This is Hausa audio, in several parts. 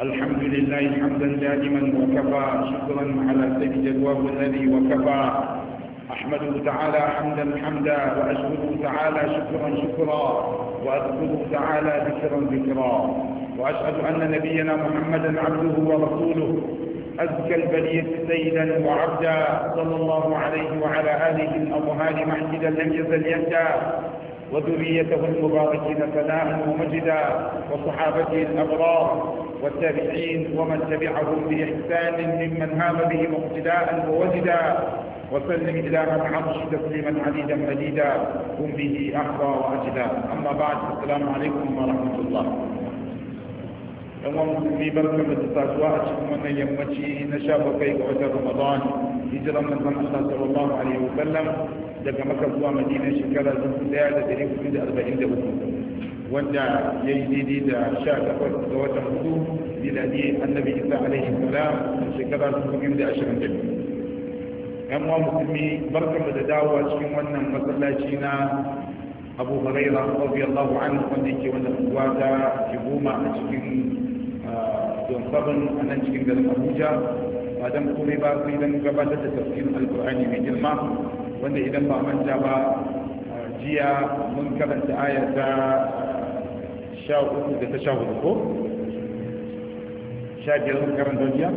الحمد لله حمدا دائما وكفى شكرا على سيد جدواه الذي وكفى أحمده تعالى حمدا حمدا وأشكره تعالى شكرا شكرا وأذكره تعالى ذكرا ذكرا وأشهد أن نبينا محمدا عبده ورسوله أزكى البلية سيدا وعبدا صلى الله عليه وعلى آله الأطهار محجدا لم يزل يهدى وذريته المباركين ثناء ومجدا وصحابته الأبرار والتابعين ومن تبعهم بإحسان ممن هام به مقتداء ووجدا وسلم إلى من عرش تسليما عديدا مديدا هم به أحظى وأجدا أما بعد السلام عليكم ورحمة الله yawan musulmi barkan da saduwa a cikin wannan yammaci na sha bakwai ga watan ramadan hijiran manzon allah sallallahu alaihi wasallam daga maka zuwa madina shekara dubu daya da dari hudu da arba'in da uku wanda ya yi daidai da sha takwas ga watan hudu miladi annabi isa alaihi salam a shekara dubu biyu da ashirin da biyu yan uwa musulmi barkan da dawowa cikin wannan masallaci na abu huraira radiyallahu anhu wanda yake wannan unguwa ta kibuma a cikin don ah, sabon a nan cikin garin abuja ba dan komai ba sai dan gabatar da tafsirin alkur'ani mai girma wanda idan ba manta ba ah, jiya mun karanta ayata sha uku da ta sha hudu ko sha biyar sun karanta jiya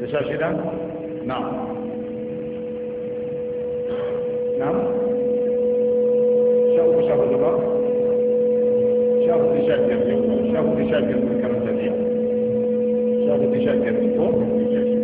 da sha shida na na sha uku sha hudu ba sha hudu sha biyar yau sha hudu sha biyar sun karanta jiya sha hudu sha biyar ko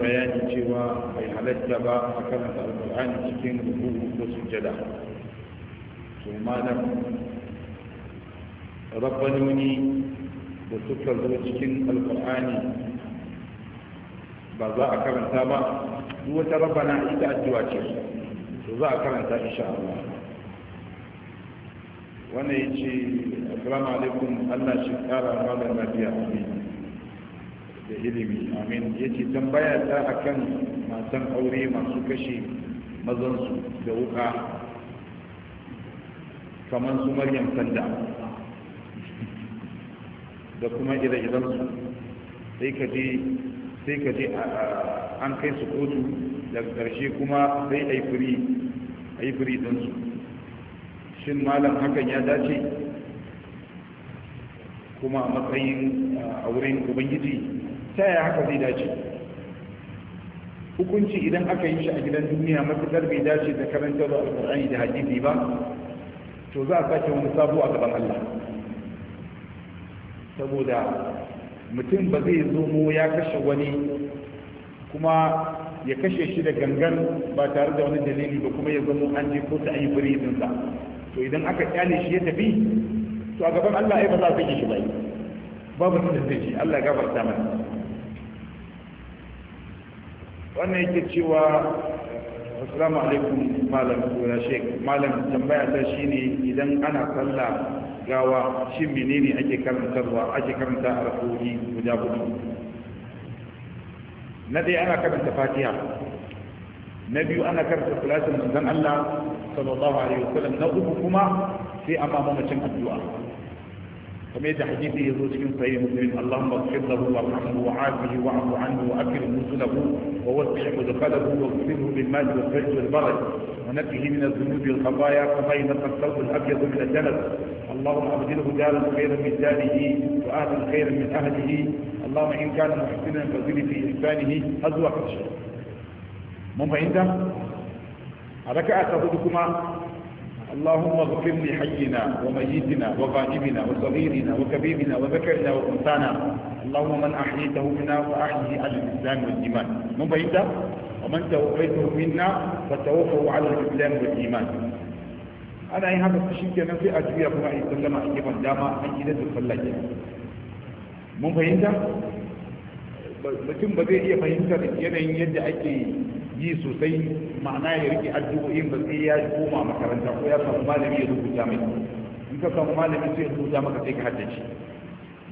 bayani cewa bai halatta ba a karanta alƙur'ani cikin rubutu ko sujjada to malam rabbanoni da suka zo cikin alƙur'ani ba za a karanta ba duk wata rabbana ita addu'a ce to za a karanta insha Allah wannan yace assalamu alaikum Allah shi kara malam lafiya amin da ilimi amin ya ce tambaya ta akan matan aure masu kashe mazansu da wuka kamar su maryam sanda da kuma ire-irensu sai ka je sai ka an kai su kotu daga ƙarshe kuma sai a yi firi ɗinsu shin malam hakan ya dace kuma a matsayin a wurin ubangiji ta yaya haka zai dace hukunci idan aka yi shi a gidan duniya matuƙar bai dace da karantar da alƙur'ani da hadisi ba to za a sake wani sabo a gaban Allah saboda mutum ba zai zomo ya kashe wani kuma ya kashe shi da gangan ba tare da wani dalili ba kuma ya zamo an je ko ta an yi firizinsa to idan aka kyale shi ya tafi to a gaban Allah ai ba za a sake shi ba babu da zai ji Allah ya gafarta mana wannan yake cewa assalamu alaikum malam kura sheik malam tambaya ta ne idan ana sallah gawa shi menene ake karantarwa ake karanta a guda hudu na dai ana karanta fatiha na biyu ana karanta salatin manzon Allah sallallahu alaihi wasallam na uku kuma sai amma mamacin addu'a kuma da hadisi ya zo cikin sayi musulun Allah ba su shirza ruwa wa hannu wa afihi wa abu hannu wa afiru musula ku wa wasu ku zaka da ku wa musulun bin mali wa fajr al-barai wa na fihi min al-zunubi al-kabaya kama yi na kasar da abiya zubi da janar Allah wa abdina ku jalan khairan min jalihi wa ahlan khairan min ahlihi Allah ka zili fi ihsanihi har zuwa ƙarshe. hudu kuma اللهم اغفر لحينا وميتنا وغائبنا وصغيرنا وكبيرنا وذكرنا وانثانا اللهم من احييته منا واحيه على الاسلام والايمان من بعيدا ومن توفيته منا فتوفه على الاسلام والايمان ana yin haka su shikenan sai a juya kuma a yi sallama a gefen dama an gidan da sallah ke mun fahimta mutum ba zai iya fahimtar yanayin yadda ake yi sosai ma'ana ya rike addu'o'in ba sai ya koma makaranta ko ya samu malami ya rubuta mai in ka samu malami sai ya rubuta maka sai ka haddace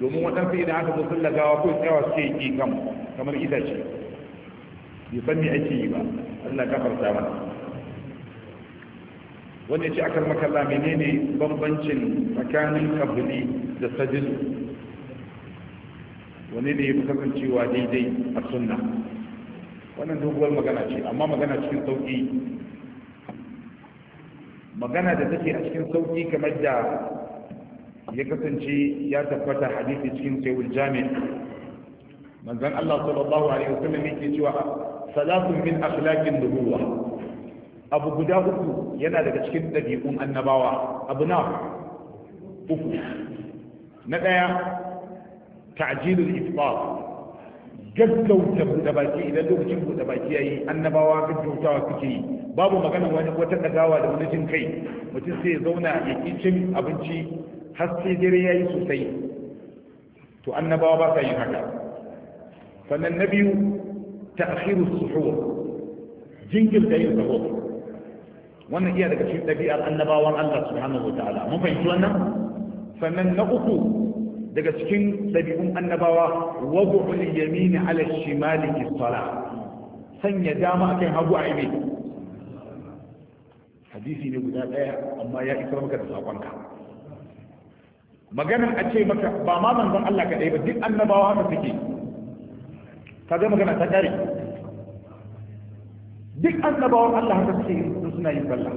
domin waɗansu idan aka zo sun lagawa ko tsayawa suke yi kan kamar itace bai san me ake yi ba Allah ka farta mana wanda ya ce akal makalla menene bambancin tsakanin kabuli da sajidu wani ne ya fi kasancewa daidai a sunna wannan doguwar magana ce amma magana cikin sauƙi. magana da take a cikin sauki kamar da ya kasance ya tabbata hadisi cikin sayyid jami manzon Allah sallallahu alaihi wasallam yake cewa salatun min akhlaqin nubuwa abu guda uku yana daga cikin dabi'un annabawa abu na uku na daya ta'jilul iftar gaggauta buɗe baki idan lokacin buɗe baki yi, annabawa gaggautawa suke yi babu magana wani wata ɗagawa da wani jin kai mutum sai ya zauna ya ƙi cin abinci har sai dare ya yi sosai to annabawa ba sa yin haka sannan na biyu ta ta'khiru suhur jinkirta yin sahur wannan iya daga cikin ɗabi'ar annabawan Allah subhanahu wa ta'ala mun fahimci wannan sannan na uku daga cikin ɗabi'un annabawa wa wadu'ul yamini ala shimali isfala sanya dama a kan hagu a ibe hadisi ne guda ɗaya amma ya isar maka da saƙonka maganar a ce maka ba ma manzon Allah ka ba duk annabawa haka suke ka ga magana ta ƙare duk annabawan Allah haka suke suna yin sallah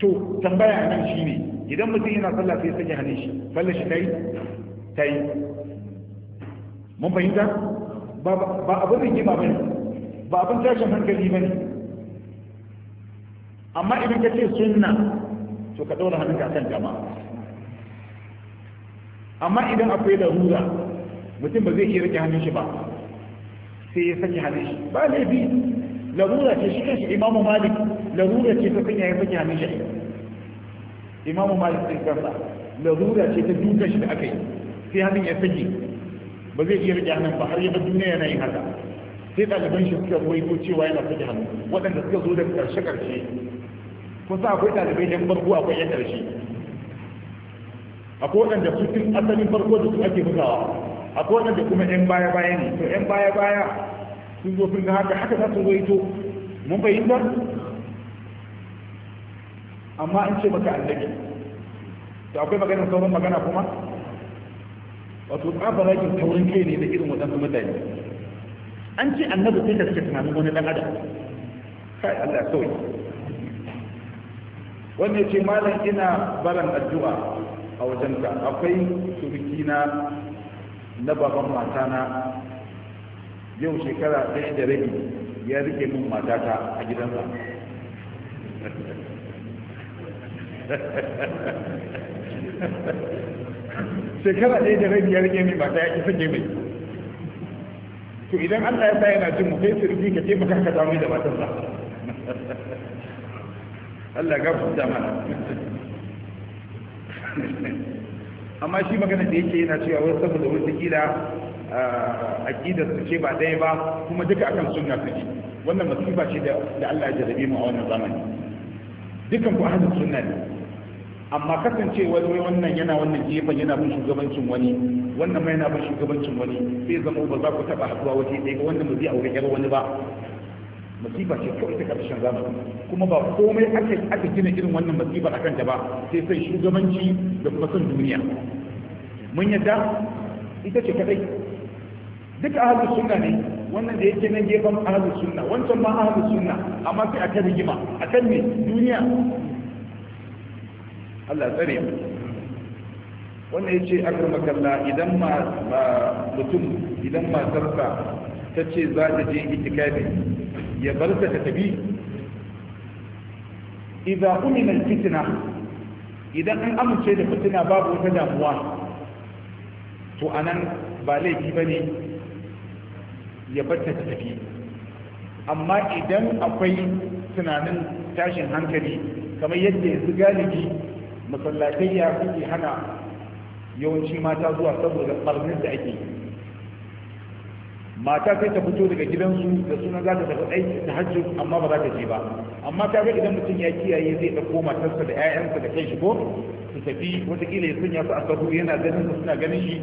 to tambaya nan shine idan mutum yana sallah sai sanya hannun shi sallar shi tayi tayi mun fahimta ba abin da rigima bane ba abin tashin hankali bane amma idan ka ce sunna to ka ɗaura hannunka kan jama'a amma idan akwai larura mutum ba zai iya rike hannun shi ba sai ya sanya hannun shi ba laifi larura ce shi shi imamu malik larura ce ta sanya ya sanya hannun shi imamu malik sai kansa larura ce ta duka shi da aka yi sai hannun ya fage. ba zai iya rike hannun ba har yaba duniya yana yin haka sai ɗaliban shi suka ko cewa yana saki hannu waɗanda suka zo da ƙarshe-ƙarshe kusa akwai ɗalibai don farko akwai ƴan ƙarshe akwai waɗanda su tun asalin farko da su ake bugawa akwai waɗanda kuma yan baya-baya ne to yan baya-baya sun zo sun ga haka haka za su ruwaito mun fahimta amma an ce maka annabi to akwai magana sauran magana kuma wato tsafa rakin taurin kai ne da irin waɗansu mutane an ce annabi sai da suke tunanin wani ɗan adam kai Allah kawai wanda ya ce malam ina baran addu'a a ka akwai turki na na baban matana yau shekara ɗaya da rabi ya rike min matata a gidansa shekara ɗaya da rai biyar gemi ba mata ya isa gemi mai to idan Allah ya sa yana jin mu kai sirri ka ce maka ka samu da matan sa Allah ga ku dama mana amma shi magana da yake yana cewa wasu saboda wata kila kidar su ce ba ɗaya ba kuma duka akan sunna su wannan masifa ce da Allah ya jarabe mu a wannan zamani dukan ku ahlus sunna ne amma kasance wani wannan yana wannan gefen yana bin shugabancin wani wannan mai yana bin shugabancin wani sai zama ba za ku taba haɗuwa waje ɗaya ba wanda ba zai aure yar wani ba masifa ce kawai ta karshen zamani kuma ba komai ake gina irin wannan masifa a kanta ba sai sai shugabanci da kuma son duniya mun yadda ita ce kadai duka ahlus sunna ne wannan da yake nan gefen ahlus sunna wancan ma ahlus sunna amma sai akan rigima akan ne duniya Allah tsare mu wannan yace akramakallah idan ma mutum idan matarsa ta ce za ta je itikafi ya bar ta tafi idza umina fitna idan an amince da fitina babu wata damuwa to anan ba laifi bane ya bata ta tafi amma idan akwai tunanin tashin hankali kamar yadda yanzu galibi masallatai ya suke hana yawanci mata zuwa saboda ɓarnin da ake mata sai ta fito daga gidansu da suna za ta tafi aiki ta hajji amma ba za ta je ba amma ta ga idan mutum ya kiyaye zai ɗauko matarsa da 'ya'yansa da kai shi ko su tafi watakila ya sanya su a sabu yana ganin su suna ganin shi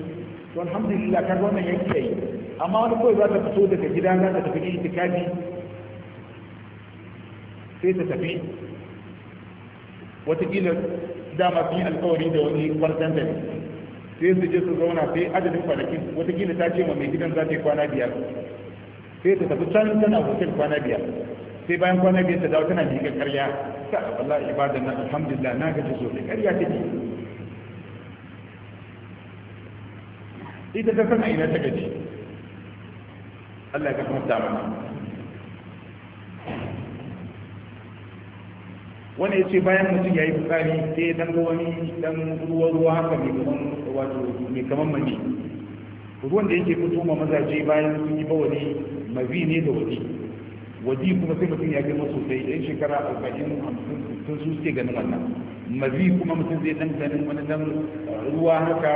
to alhamdulillah kaga wannan ya yayi amma wani kawai za ta fito daga gida za ta tafi itikafi sai ta tafi watakila dama sun yi alkawari da wani kwarzan da sai su je su zauna sai adadin kwanakin watakila ta ce wa mai gidan za ta yi kwana biyar sai ta tafi can tana hotel kwana biyar sai bayan kwana biyar ta dawo tana miƙa karya ta wallahi ibadan alhamdulillah na gaji so da karya take ita ta san aina ina ta gaji Allah ya kafa kuma mana wani ya ce bayan mutum ya yi fitsari sai ya dango wani dan ruwa ruwa haka mai kaman wato mai kaman mani ruwan da yake fito ma mazaje bayan sun yi bawani mazi ne da waje waje kuma sai mutum ya girma sosai yan shekara arba'in hamsin sun su suke ganin wannan mazi kuma mutum zai dan ganin wani dan ruwa haka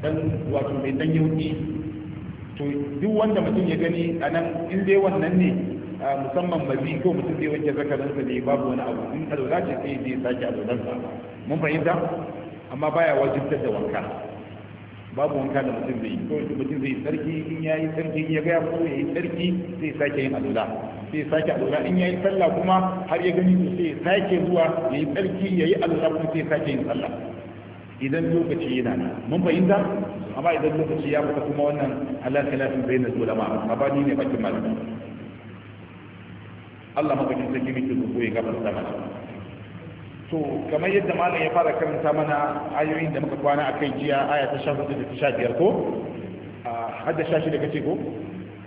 dan wato mai dan yauki to duk wanda mutum ya gani a nan in dai wannan ne musamman mazi ko mutum zai wanke zakaransa ne babu wani abu in alwala ce sai zai sake alwalansa mun fahimta amma baya wajibtar da wanka babu wanka da mutum zai yi ko mutum zai sarki in ya yi sarki ya gaya ko ya yi sarki sai sake yin alwala sai sake alwala in ya yi sallah kuma har ya gani sai sake zuwa ya yi sarki ya yi kuma sai sake yin sallah idan lokaci yana nan mun fahimta amma idan lokaci ya fita kuma wannan Allah ta lafi bayyana ulama amma ni ne bakin malami Allah madaukin sarki muke roƙo ya gafarta mana to kamar yadda malam ya fara karanta mana ayoyin da muka kwana a jiya aya ta 14 da 15 ko shashi da kace ko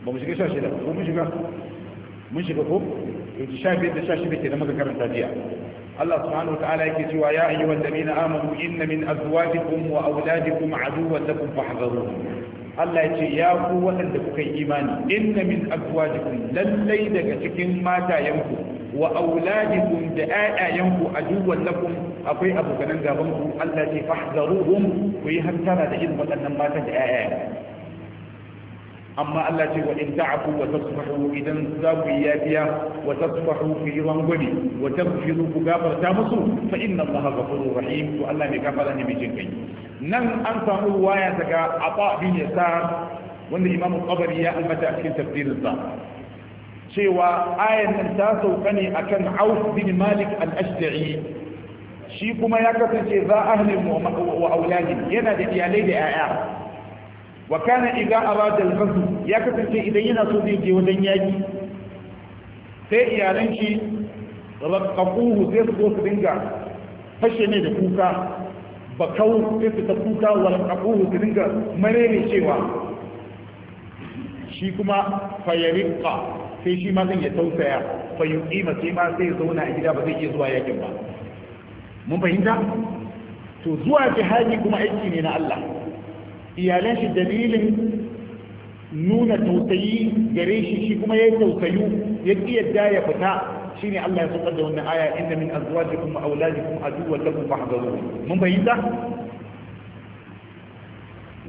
ba mu shiga 16 ko mun shiga mun shiga ko to 15 da 16 ke da muka karanta jiya Allah subhanahu wataala yake cewa ya ayyuhal ladina amanu inna min azwajikum wa auladikum aduwwan lakum fahdharuhum Allah ya ce ya ku waɗanda kuka yi imani inna min azwajikum lallai daga cikin matayenku wa auladikum da ayayanku aduwwan lakum akwai abokanan gaban ku Allah ce fahzaruhum ku yi hantara da irin waɗannan mata da ayaya amma Allah ce wa in ta'afu wa tasfahu idan za ku yi yafiya wa tasfahu ku yi rangwani wa taghfiru ku gafarta musu fa inna Allah ghafurur rahim to Allah ne gafara ne mai jin nan an samu waya daga Aba bin Yasar wanda Imam Qabari ya ambata a cikin tafsirin sa cewa ayan nan ta sauka ne akan Auf bin Malik al-Ashja'i shi kuma ya kasance za ahlin wa auladi yana da iyalai da 'ya'ya wa kana idza arada al-fasl ya kasance idan yana so zai je wajen yaki sai iyalan shi raqaquhu sai su su dinga fashe ne da kuka bakau sai su ta kuka wa raqaquhu su dinga marene cewa shi kuma fayariqa sai shi ma zan ya tausaya fa yuqima sai ma sai zauna a gida ba zai iya zuwa yakin ba mun fahimta to zuwa jihadi kuma aiki ne na Allah iyalan shi dalilin nuna tausayi gare shi shi kuma ya tausayu ya yadda ya fita shine Allah ya saukar da wannan aya inna min azwajikum wa auladikum aduwwan lakum fahdharu mun bayyana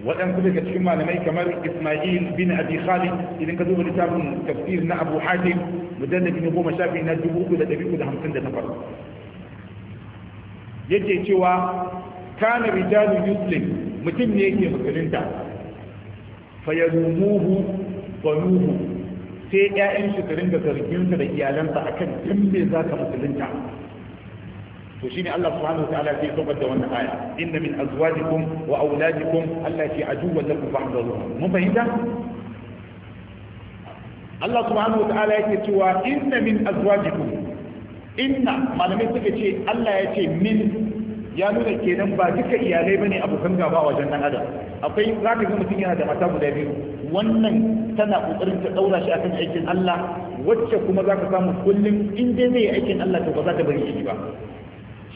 waɗansu daga cikin malamai kamar Ismail bin Abi Khalid idan ka zo wani littafin tafsir na Abu Hatim mujallad na goma shafi na dubu uku da ɗari uku da hamsin da takwas yake cewa kana rijalu yuslim mutum ne yake musulunta fayarumuhu banuhu sai ƴaƴan shi su ringa zarginsa da iyalansa akan dan me za ka musulunta to shine Allah subhanahu wataala sai saukar da wannan aya inna min azwajikum wa auladikum allati aduwwan lakum fahdharuha mun fahimta Allah subhanahu wataala yake cewa inna min azwajikum inna malamai suka ce Allah ya ce min ya nuna kenan ba duka iyalai bane abokan gaba a wajen dan adam akwai zaka ga mutum yana da mata guda biyu wannan tana kokarin ta daura shi akan aikin Allah wacce kuma zaka samu kullum in dai mai aikin Allah to ba za ta bari shi ba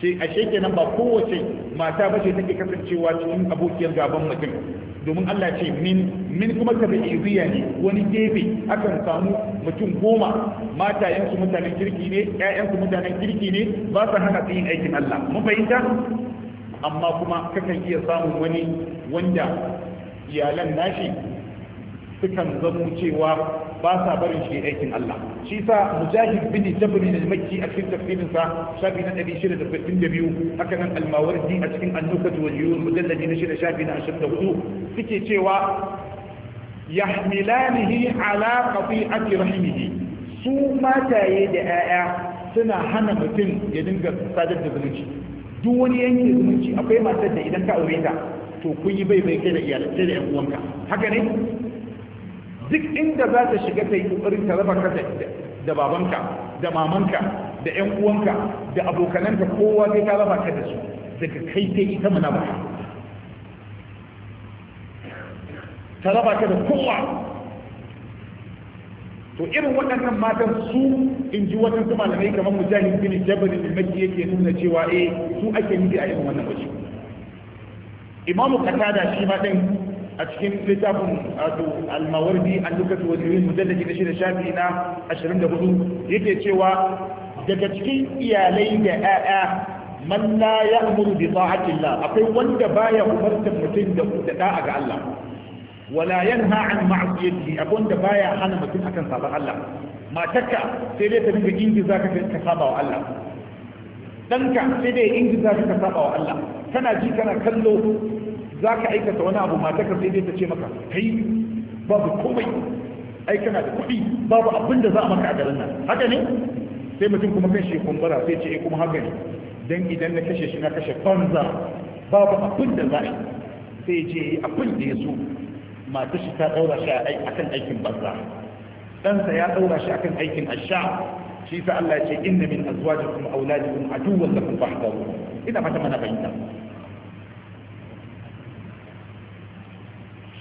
sai ashe kenan ba kowace mata ba ce take kasancewa cikin abokiyar gaban mutum domin Allah ce min min kuma ta iriya ne wani gefe akan samu mutum goma su mutanen kirki ne su mutanen kirki ne ba su hana su yin aikin Allah mun fahimta amma kuma kakan iya samun wani wanda iyalan nashi sukan zamo cewa ba sa barin shi aikin Allah shi sa mujahid bin jabr al-makki a cikin tafsirin sa shafi na 662 haka nan al-mawardi a cikin an-nukat wal yunus mujalladi na 6 shafi na 24 suke cewa milanihi ala qati'ati rahimihi su mataye da 'ya'ya suna hana mutum ya dinga sadar da zumunci duk wani yanke zumunci akwai matar da idan ka aure ta to kun yi bai bai kai da iyalai da yan uwanka haka ne duk inda za ta shiga ta yi kokarin ta raba kasa da babanka da mamanka da yan uwanka da abokananka kowa sai ta raba ka da su daga kai sai ita mana ba ta raba ta da kowa to irin waɗannan matan su in ji wajen su malamai kamar mujahid bin jabal bin makki yake nuna cewa eh su ake nufi a irin wannan waje imamu qatada shi ma din a cikin littafin wato al-mawardi al-lukatu wa jirin ke na da shafi na 24 yake cewa daga cikin iyalai da ƴaƴa man la ya'muru bi ta'atillah akwai wanda baya umartar mutum da da'a ga Allah wala yanha an ma'siyati abun da baya hana mutum akan sabon Allah matarka sai dai ta dinga ingiza ka ka saba wa Allah kana ji kana kallo zaka aikata wani abu matarka sai ta ce maka kai babu komai ai kana da kuɗi babu abin za maka a garin nan haka ne sai mutum kuma kan shi kumbura sai ce eh, kuma haka ne dan idan na kashe shi na kashe banza babu abin za sai ya so matar shi ta daura shi a kan aikin banza ɗansa ya daura shi akan aikin asha shi sa Allah ya ce inna min azwajikum auladikum aduwwan lakum fahdharu ina fata mana bayyana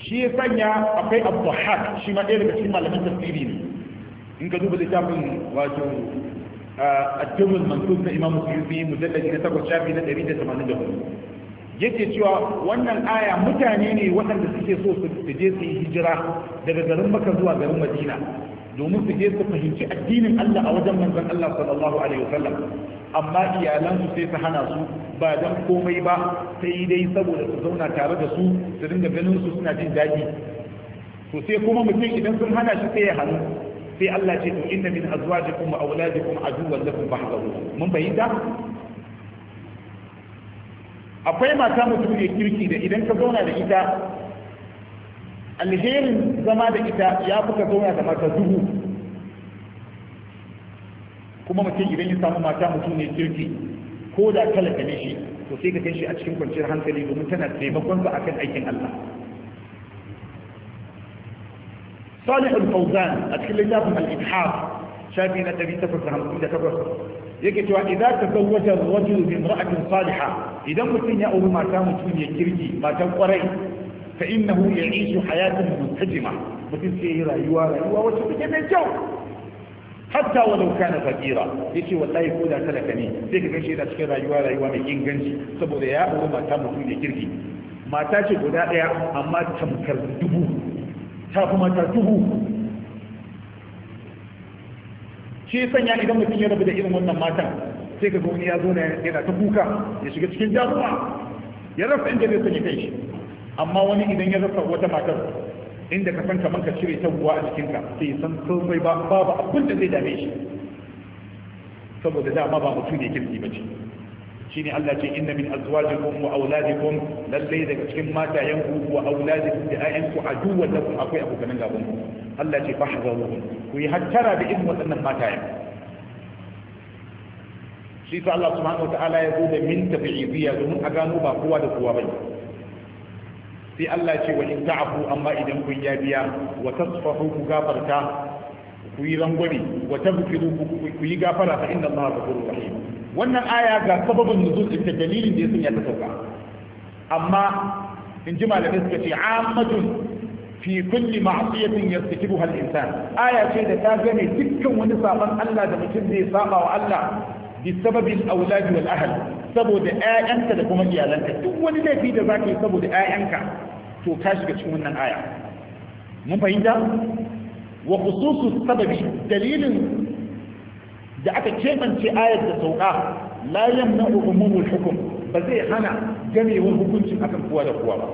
shi ya sanya akwai abduhak shi ma ɗaya daga cikin malamin tafsiri ne in ka duba littafin wato ah, addubul mansub na imam suyuti mujallad na takwas shafi na ɗari da tamanin da hudu yake cewa wannan aya mutane ne waɗanda suke so su je su yi hijira daga garin maka zuwa garin madina domin su je su fahimci addinin Allah a wajen manzon Allah sallallahu alaihi wasallam amma iyalansu sai su hana su ba dan komai ba sai dai saboda su zauna tare da su su dinga ganin su suna jin daɗi to sai kuma mutum idan sun hana shi sai ya hannu sai Allah ce to inna min azwajikum wa auladikum aduwwan lakum fahdharu mun bayyana akwai mata mutum ya kirki da idan ka zauna da ita alherin zama da ita ya fuka zauna da mata duhu kuma mace idan ya samu mata mutum ne kirki ko da talaka ne shi to sai ka kai shi a cikin kwanciyar hankali domin tana taimakon sa akan aikin Allah صالح الفوزان أتكلم لكم الإبحار شافينا النبي تفرد عن كل تفرد yake cewa idan ka zawwaja rajul bi imra'atin saliha idan mutum ya auri mata mutum ya kirki matan kwarai fa innahu ya'ishu hayatan muntajima mutum sai yi rayuwa rayuwa wacce take mai kyau hatta walau kana fakira yace wallahi ko da talaka ne sai ka gashi yana cikin rayuwa rayuwa mai inganci saboda ya auri mata mutum ya kirki mata ce guda daya amma tamkar dubu ta kuma ta dubu shi sanya idan mutum ya rabu da irin wannan matan sai ka wani ya zo na yana ta kuka ya shiga cikin damuwa ya rasa inda zai sanya kai shi amma wani idan ya rasa wata matar inda ka san kamar ka cire ta a jikinka sai san sosai babu abin da zai dame shi saboda dama ba mutum ne kirki ba ce shine Allah ce inna min azwajikum wa auladikum lallai daga cikin matayenku wa auladikum da ayyanku aduwwan ku akwai abokan gaban ku Allah ce fahzaru ku yi hattara da irin waɗannan matayen shi sa Allah subhanahu wa ta'ala ya zo da min tabi'idiyya domin a gano ba kowa da kowa bane sai Allah ce wa in ta'fu amma idan kun yabiya wa tasfahu ku gafarta ku yi rangwame wa tabkiru ku yi gafara a inna allaha ghafurur rahim wannan aya ga sababin nuzul ita dalilin da yasa ya ta sauka amma in ji malamai suka ce ammatun fi kulli ma'siyatin yartakibuha al-insan aya ce da ta gane dukkan wani saban Allah da mutum zai saba wa Allah bi sababin al-awlad wal ahl saboda ƴaƴanka da kuma iyalanka duk wani laifi da zaka yi saboda 'ya'yanka to ka shiga cikin wannan aya mun fahimta wa khususu sababi dalilin da aka kebance ayar da sauka la yamna'u umumul hukum ba zai hana gamewar hukuncin akan kowa da kowa ba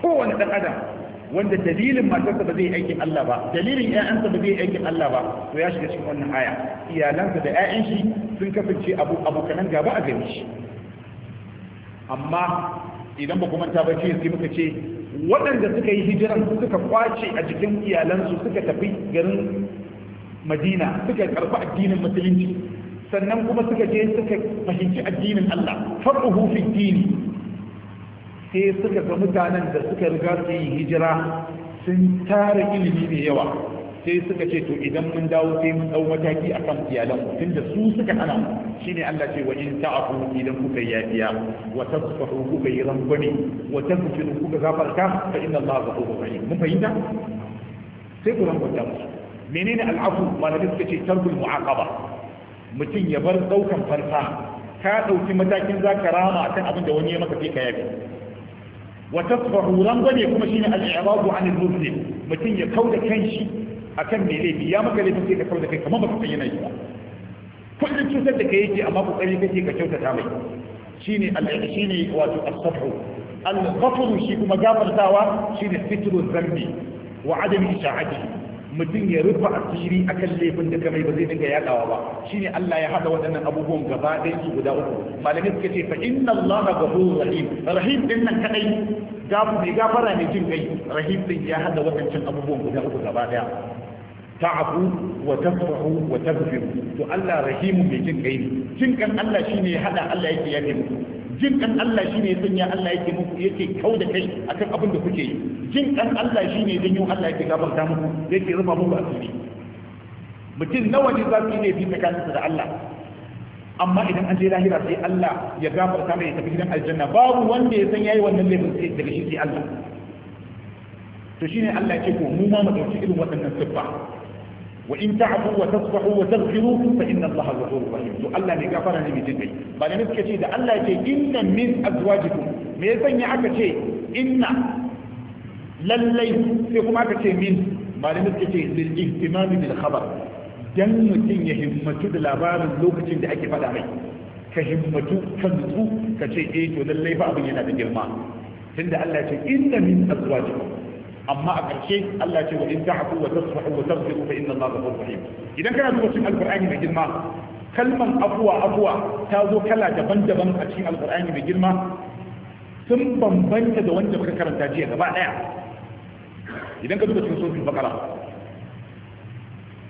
kowane dan adam wanda dalilin matarsa ba zai aiki Allah ba dalilin ƴaƴansa ba zai aiki Allah ba to ya shiga cikin wannan aya iyalansa da ƴaƴan shi sun kasance abu abokanan gaba a gare shi amma idan ba kuma ta bace sai muka ce waɗanda suka yi hijiran suka kwace a jikin iyalansu suka tafi garin madina suka karɓi addinin musulunci sannan kuma suka je suka fahimci addinin Allah far'uhu fi dini sai suka ga mutanen da suka riga su yi hijira sun tara ilimi mai yawa sai suka ce to idan mun dawo sai mun dau mataki akan iyalan mu tunda su suka hana shine Allah ce wa in ta'afu idan kuka yafiya wa tasfahu kuka yi rangwame wa tasfiru kuka gafarta fa inna Allah ghafurur rahim mun fahimta sai ku rangwata musu menene al'afu malamin suka ce tarkul mu'aqaba mutum ya bar daukan farka. ka dauki matakin zaka rama akan abin da wani ya maka sai ka yafi wa tasfahu rangwame kuma shine al'iradu anil muslim mutum ya kauda kanshi akan me laifi ya maka laifin sai ka da kai kamar baka san yana yi ba kullum cutar da kai yake amma kokari kake ka kyautata mai shine al-shine wato as-sabr al-ghafr shi kuma gafartawa shine fitru dhanbi wa adam isha'atihi mutum ya rufe asiri akan laifin da kamai ba zai dinga yadawa ba shine Allah ya hada waɗannan abubuwan gaba ɗaya su guda uku Malamin suka ce fa inna Allah ghafurur rahim rahim din nan kadai gafu mai gafara ne jin kai rahim din ya hada waɗancan abubuwan guda uku gaba ɗaya ta'afu wa tafahu wa tagfiru to Allah rahimu mai jin kai ne jin kan Allah shine ya hada Allah yake yake muku jin kan Allah shine ya sanya Allah yake muku yake kauda kai akan abin da kuke yi jin kan Allah shine dan yau Allah yake gafarta muku yake rufa muku asiri mutum nawa ne za su yi bi tsakaninsa da Allah amma idan an je lahira sai Allah ya gafarta mai ya tafi gidan aljanna babu wanda ya san yayi wannan laifin sai daga shi sai Allah to shine Allah ya ce ko mu ma mu dauki irin waɗannan siffa wa in ta'fu wa tasfahu wa taghfiru fa inna allaha ghafurur rahim to Allah ne gafara ne mai jinkai ba da suka ce da Allah ce inna min azwajikum me ya sanya aka ce inna lallai sai kuma aka ce min ba da suka ce lil ihtimami bil khabar dan mutum ya himmatu da labarin lokacin da ake faɗa mai ka himmatu ka nutsu ka ce eh to lallai ba abin yana da girma tunda Allah ya ce inna min azwajikum amma a ƙarshe Allah ce wa in ta'fu wa tasfahu wa taghfiru fa inna Allah ghafurur rahim idan kana duba cikin alqur'ani mai girma kalman afuwa afuwa ta zo kala daban-daban a cikin alqur'ani mai girma sun bambanta da wanda muka karanta jiya gaba daya idan ka duba cikin suratul baqara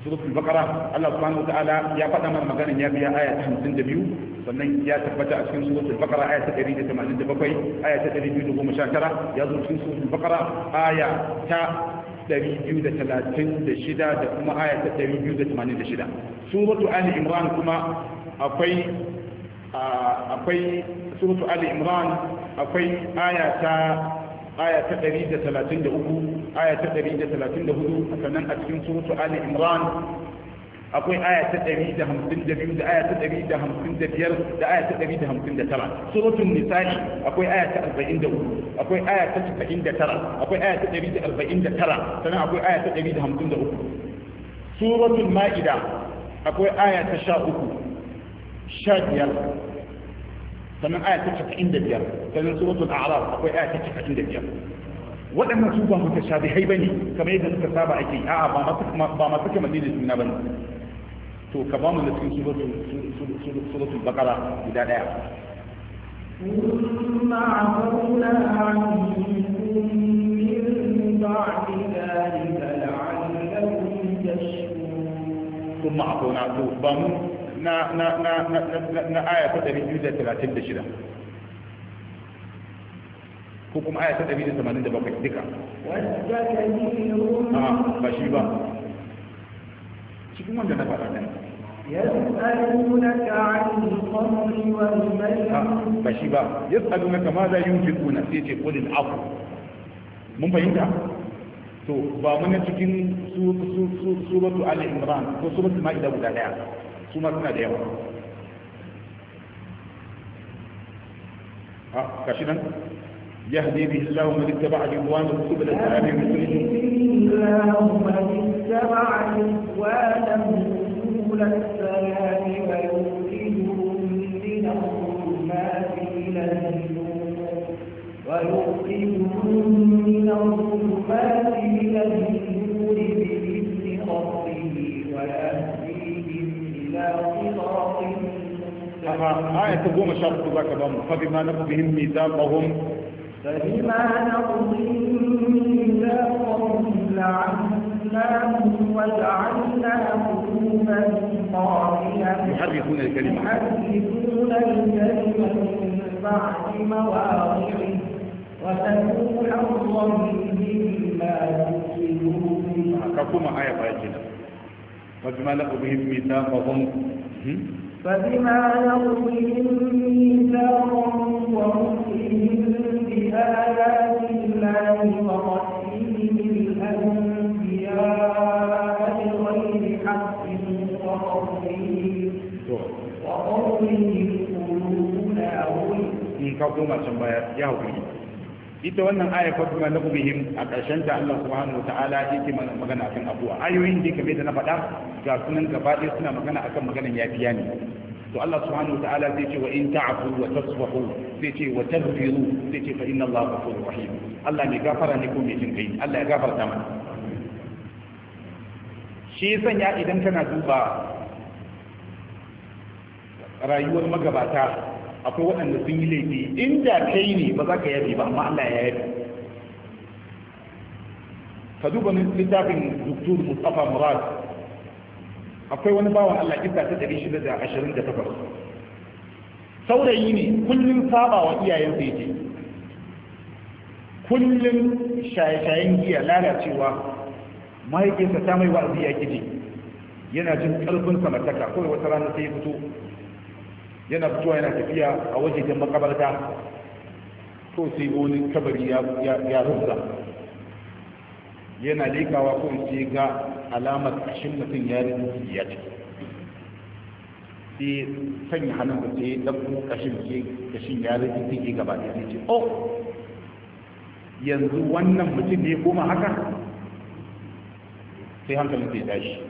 suratul baqara Allah subhanahu wataala ya faɗa mana magana ya biya aya ta sannan ya tabbata a cikin suratul baqara aya ta 187 aya ta 219 ya zo cikin suratul baqara aya ta 236 da kuma aya ta 286 suratul ali imran kuma akwai akwai suratul ali imran akwai aya ta aya ta 133 aya ta 134 sannan a cikin suratu ali imran akwai aya ta 152 da aya ta 155 da aya ta 159 suratul nisa'i akwai aya ta 43 akwai aya ta 99 akwai aya ta 149 sannan akwai aya ta 153 suratul ma'ida akwai aya ta 13 15 sannan aya ta casa'in da biyar sannan suratul a'raf akwai aya ta casa'in da biyar waɗannan su ba mutashabihai bane kamar yadda suka saba ake a'a ba masu ba masu kamar da juna bane to ka ba mu da cikin suratul suratul baqara guda daya ثم عفونا عنكم من بعد ذلك لعلكم تشكرون ثم عفونا عنكم na na na na na aya ta shida ko kuma aya ta 187 duka a ah, ba shi ba cikin wanda na faɗa ɗaya يسألونك عن الخمر والميسر ماشي ah, بقى يسألونك ماذا ينفقون سيتي قل afu. mun fahimta to ba muna cikin suratu al-imran ko suratu ma'ida guda daya su ma suna da يهدي به الله من اتبع رضوانه سبل السلام مثله الله من اتبع رضوانه سبل السلام ويخرجهم من الظلمات الى النور ويخرجهم من الظلمات آية تقوم شرط goma sha فبما نقضهم ميثاقهم فبما نقضهم ميثاقهم لعناهم وجعلنا يحرفون الكلمة يحرفون الكلمة من بعد مواضعه وتكون حظا مما يفسدون. كما آية باجنة. فبما بهم ميثاقهم فبما نقضهم ميثاقهم وكفرهم بآيات الله وقتلهم الأنبياء بغير حق وقولهم وقولهم قلوبنا غلف. ita wannan aya fa kuma lahu bihim a karshen ta Allah subhanahu wataala yake magana kan abuwa ayoyin da kamar da na faɗa ga sunan gaba ɗaya suna magana akan maganan yafiya ne to Allah subhanahu wataala zai ce wa in ta'fu wa tasfahu zai ce wa tadbiru zai ce fa inna Allah ghafurur rahim Allah mai gafara ne ko mai jin kai Allah ya gafarta mana shi sanya idan kana duba rayuwar magabata akwai waɗanda sun yi laifi inda kai ne ba za ka yabe ba amma Allah ya yabe ka duba littafin Dr. Mustafa Murad akwai wani bawan Allah kisa ta takwas. saurayi ne kullum saba wa iyayensa yake kullum shaye-shayen giya lalacewa mahaifinsa ta mai wa'azi ya kiji yana jin karfin samartaka kawai wata rana sai ya fito yana fitowa yana tafiya a wajejen makabarta ko sai wani kabari ya rufa. yana lekawa ko in ce ga alamar kashin mutum ya rufe ya ce sai sanya hannun da sai ɗauko kashin ke kashin ya rufe ke gaba da ce oh yanzu wannan mutum ne koma haka sai hankalin zai tashi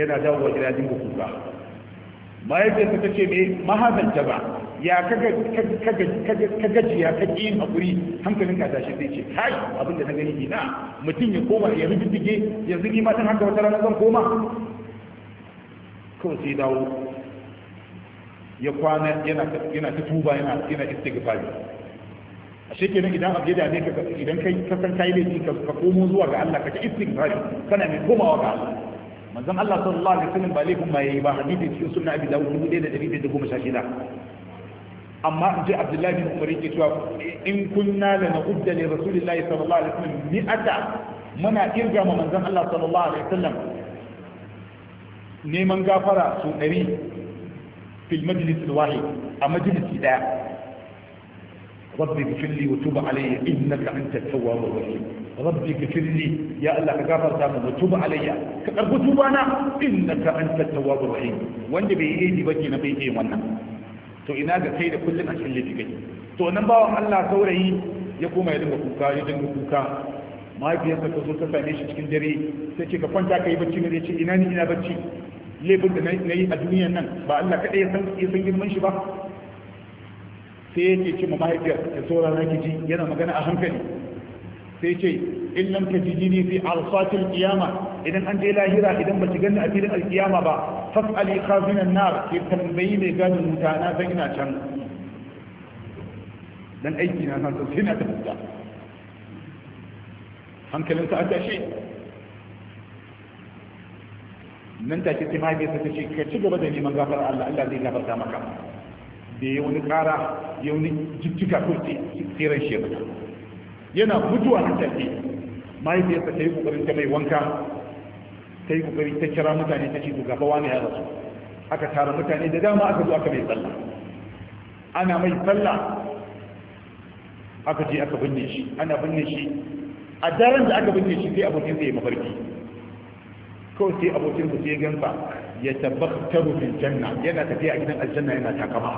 yana wajen yajin kuka mahaifiyarsa ta ce me mahazanta ba ya ka gajiya ka ƙi yin haƙuri hankalin ka tashi zai ce kai abinda na gani ina mutum ya koma ya rubutuge yanzu ni matan haka wata rana zan koma kawai sai dawo ya kwana yana ta tuba yana yana istighfari a shekenan idan abu ya ne ka idan kai kasan kai laifi ka komo zuwa ga Allah ka ta istighfari kana mai komawa ga Allah manzon Allah sallallahu alaihi wasallam ba laifin ma yayi ba hadisi cikin sunna abi dawud 1116 amma in ce abdullahi bin umar yake cewa in kunna la naqudda li rasulillahi sallallahu alaihi wasallam mi'ata muna kirga ma manzon Allah sallallahu alaihi wasallam neman gafara su 100 fil majlis wahid a majalisi daya rabbi gafir li wa tub alayya innaka antat tawwabur rahim rabbi gafir ya Allah ka gafarta mu wa tub alayya ka karbi tubana innaka antat tawwabur rahim wanda bai yi idi bane na bai yi wannan to ina ga da kullun a cikin kai to nan bawan Allah saurayi ya koma ya dinga kuka ya dinga kuka mahaifiyarsa ta zo ta same shi cikin dare sai ce ka kwanta ka yi bacci ne ce ina ni ina bacci laifin da na yi a duniyan nan ba Allah kaɗai ya san girman shi ba sai yake ce ma mahaifiyar ta saurara ki ji yana magana a hankali sai ce in lam ta jiji ni fi alfatil qiyama idan an je lahira idan ba ki ganni a filin alkiyama ba fas'ali khazinan nar ki tambayi mai gadin wuta na san ina can dan aiki na san sai na tabbata hankalin sa aka shi nan take sai mahaifiyarsa ta ce ka ci gaba da neman gafar Allah Allah zai gafarta maka da ya wani kara ya wani jijjiga ko tsiran shi yana mutuwa a tafi mahaifiyarsa ta yi kokarin ta mai wanka ta yi kokari ta kira mutane ta ce su gaba wani ya rasu aka tara mutane da dama aka zo aka mai sallah ana mai sallah aka je aka binne shi ana binne shi a daren da aka binne shi sai abokin sai mafarki kawai sai abokin sai ya gansa ya tabbatar fil janna yana tafiya a gidan aljanna yana takama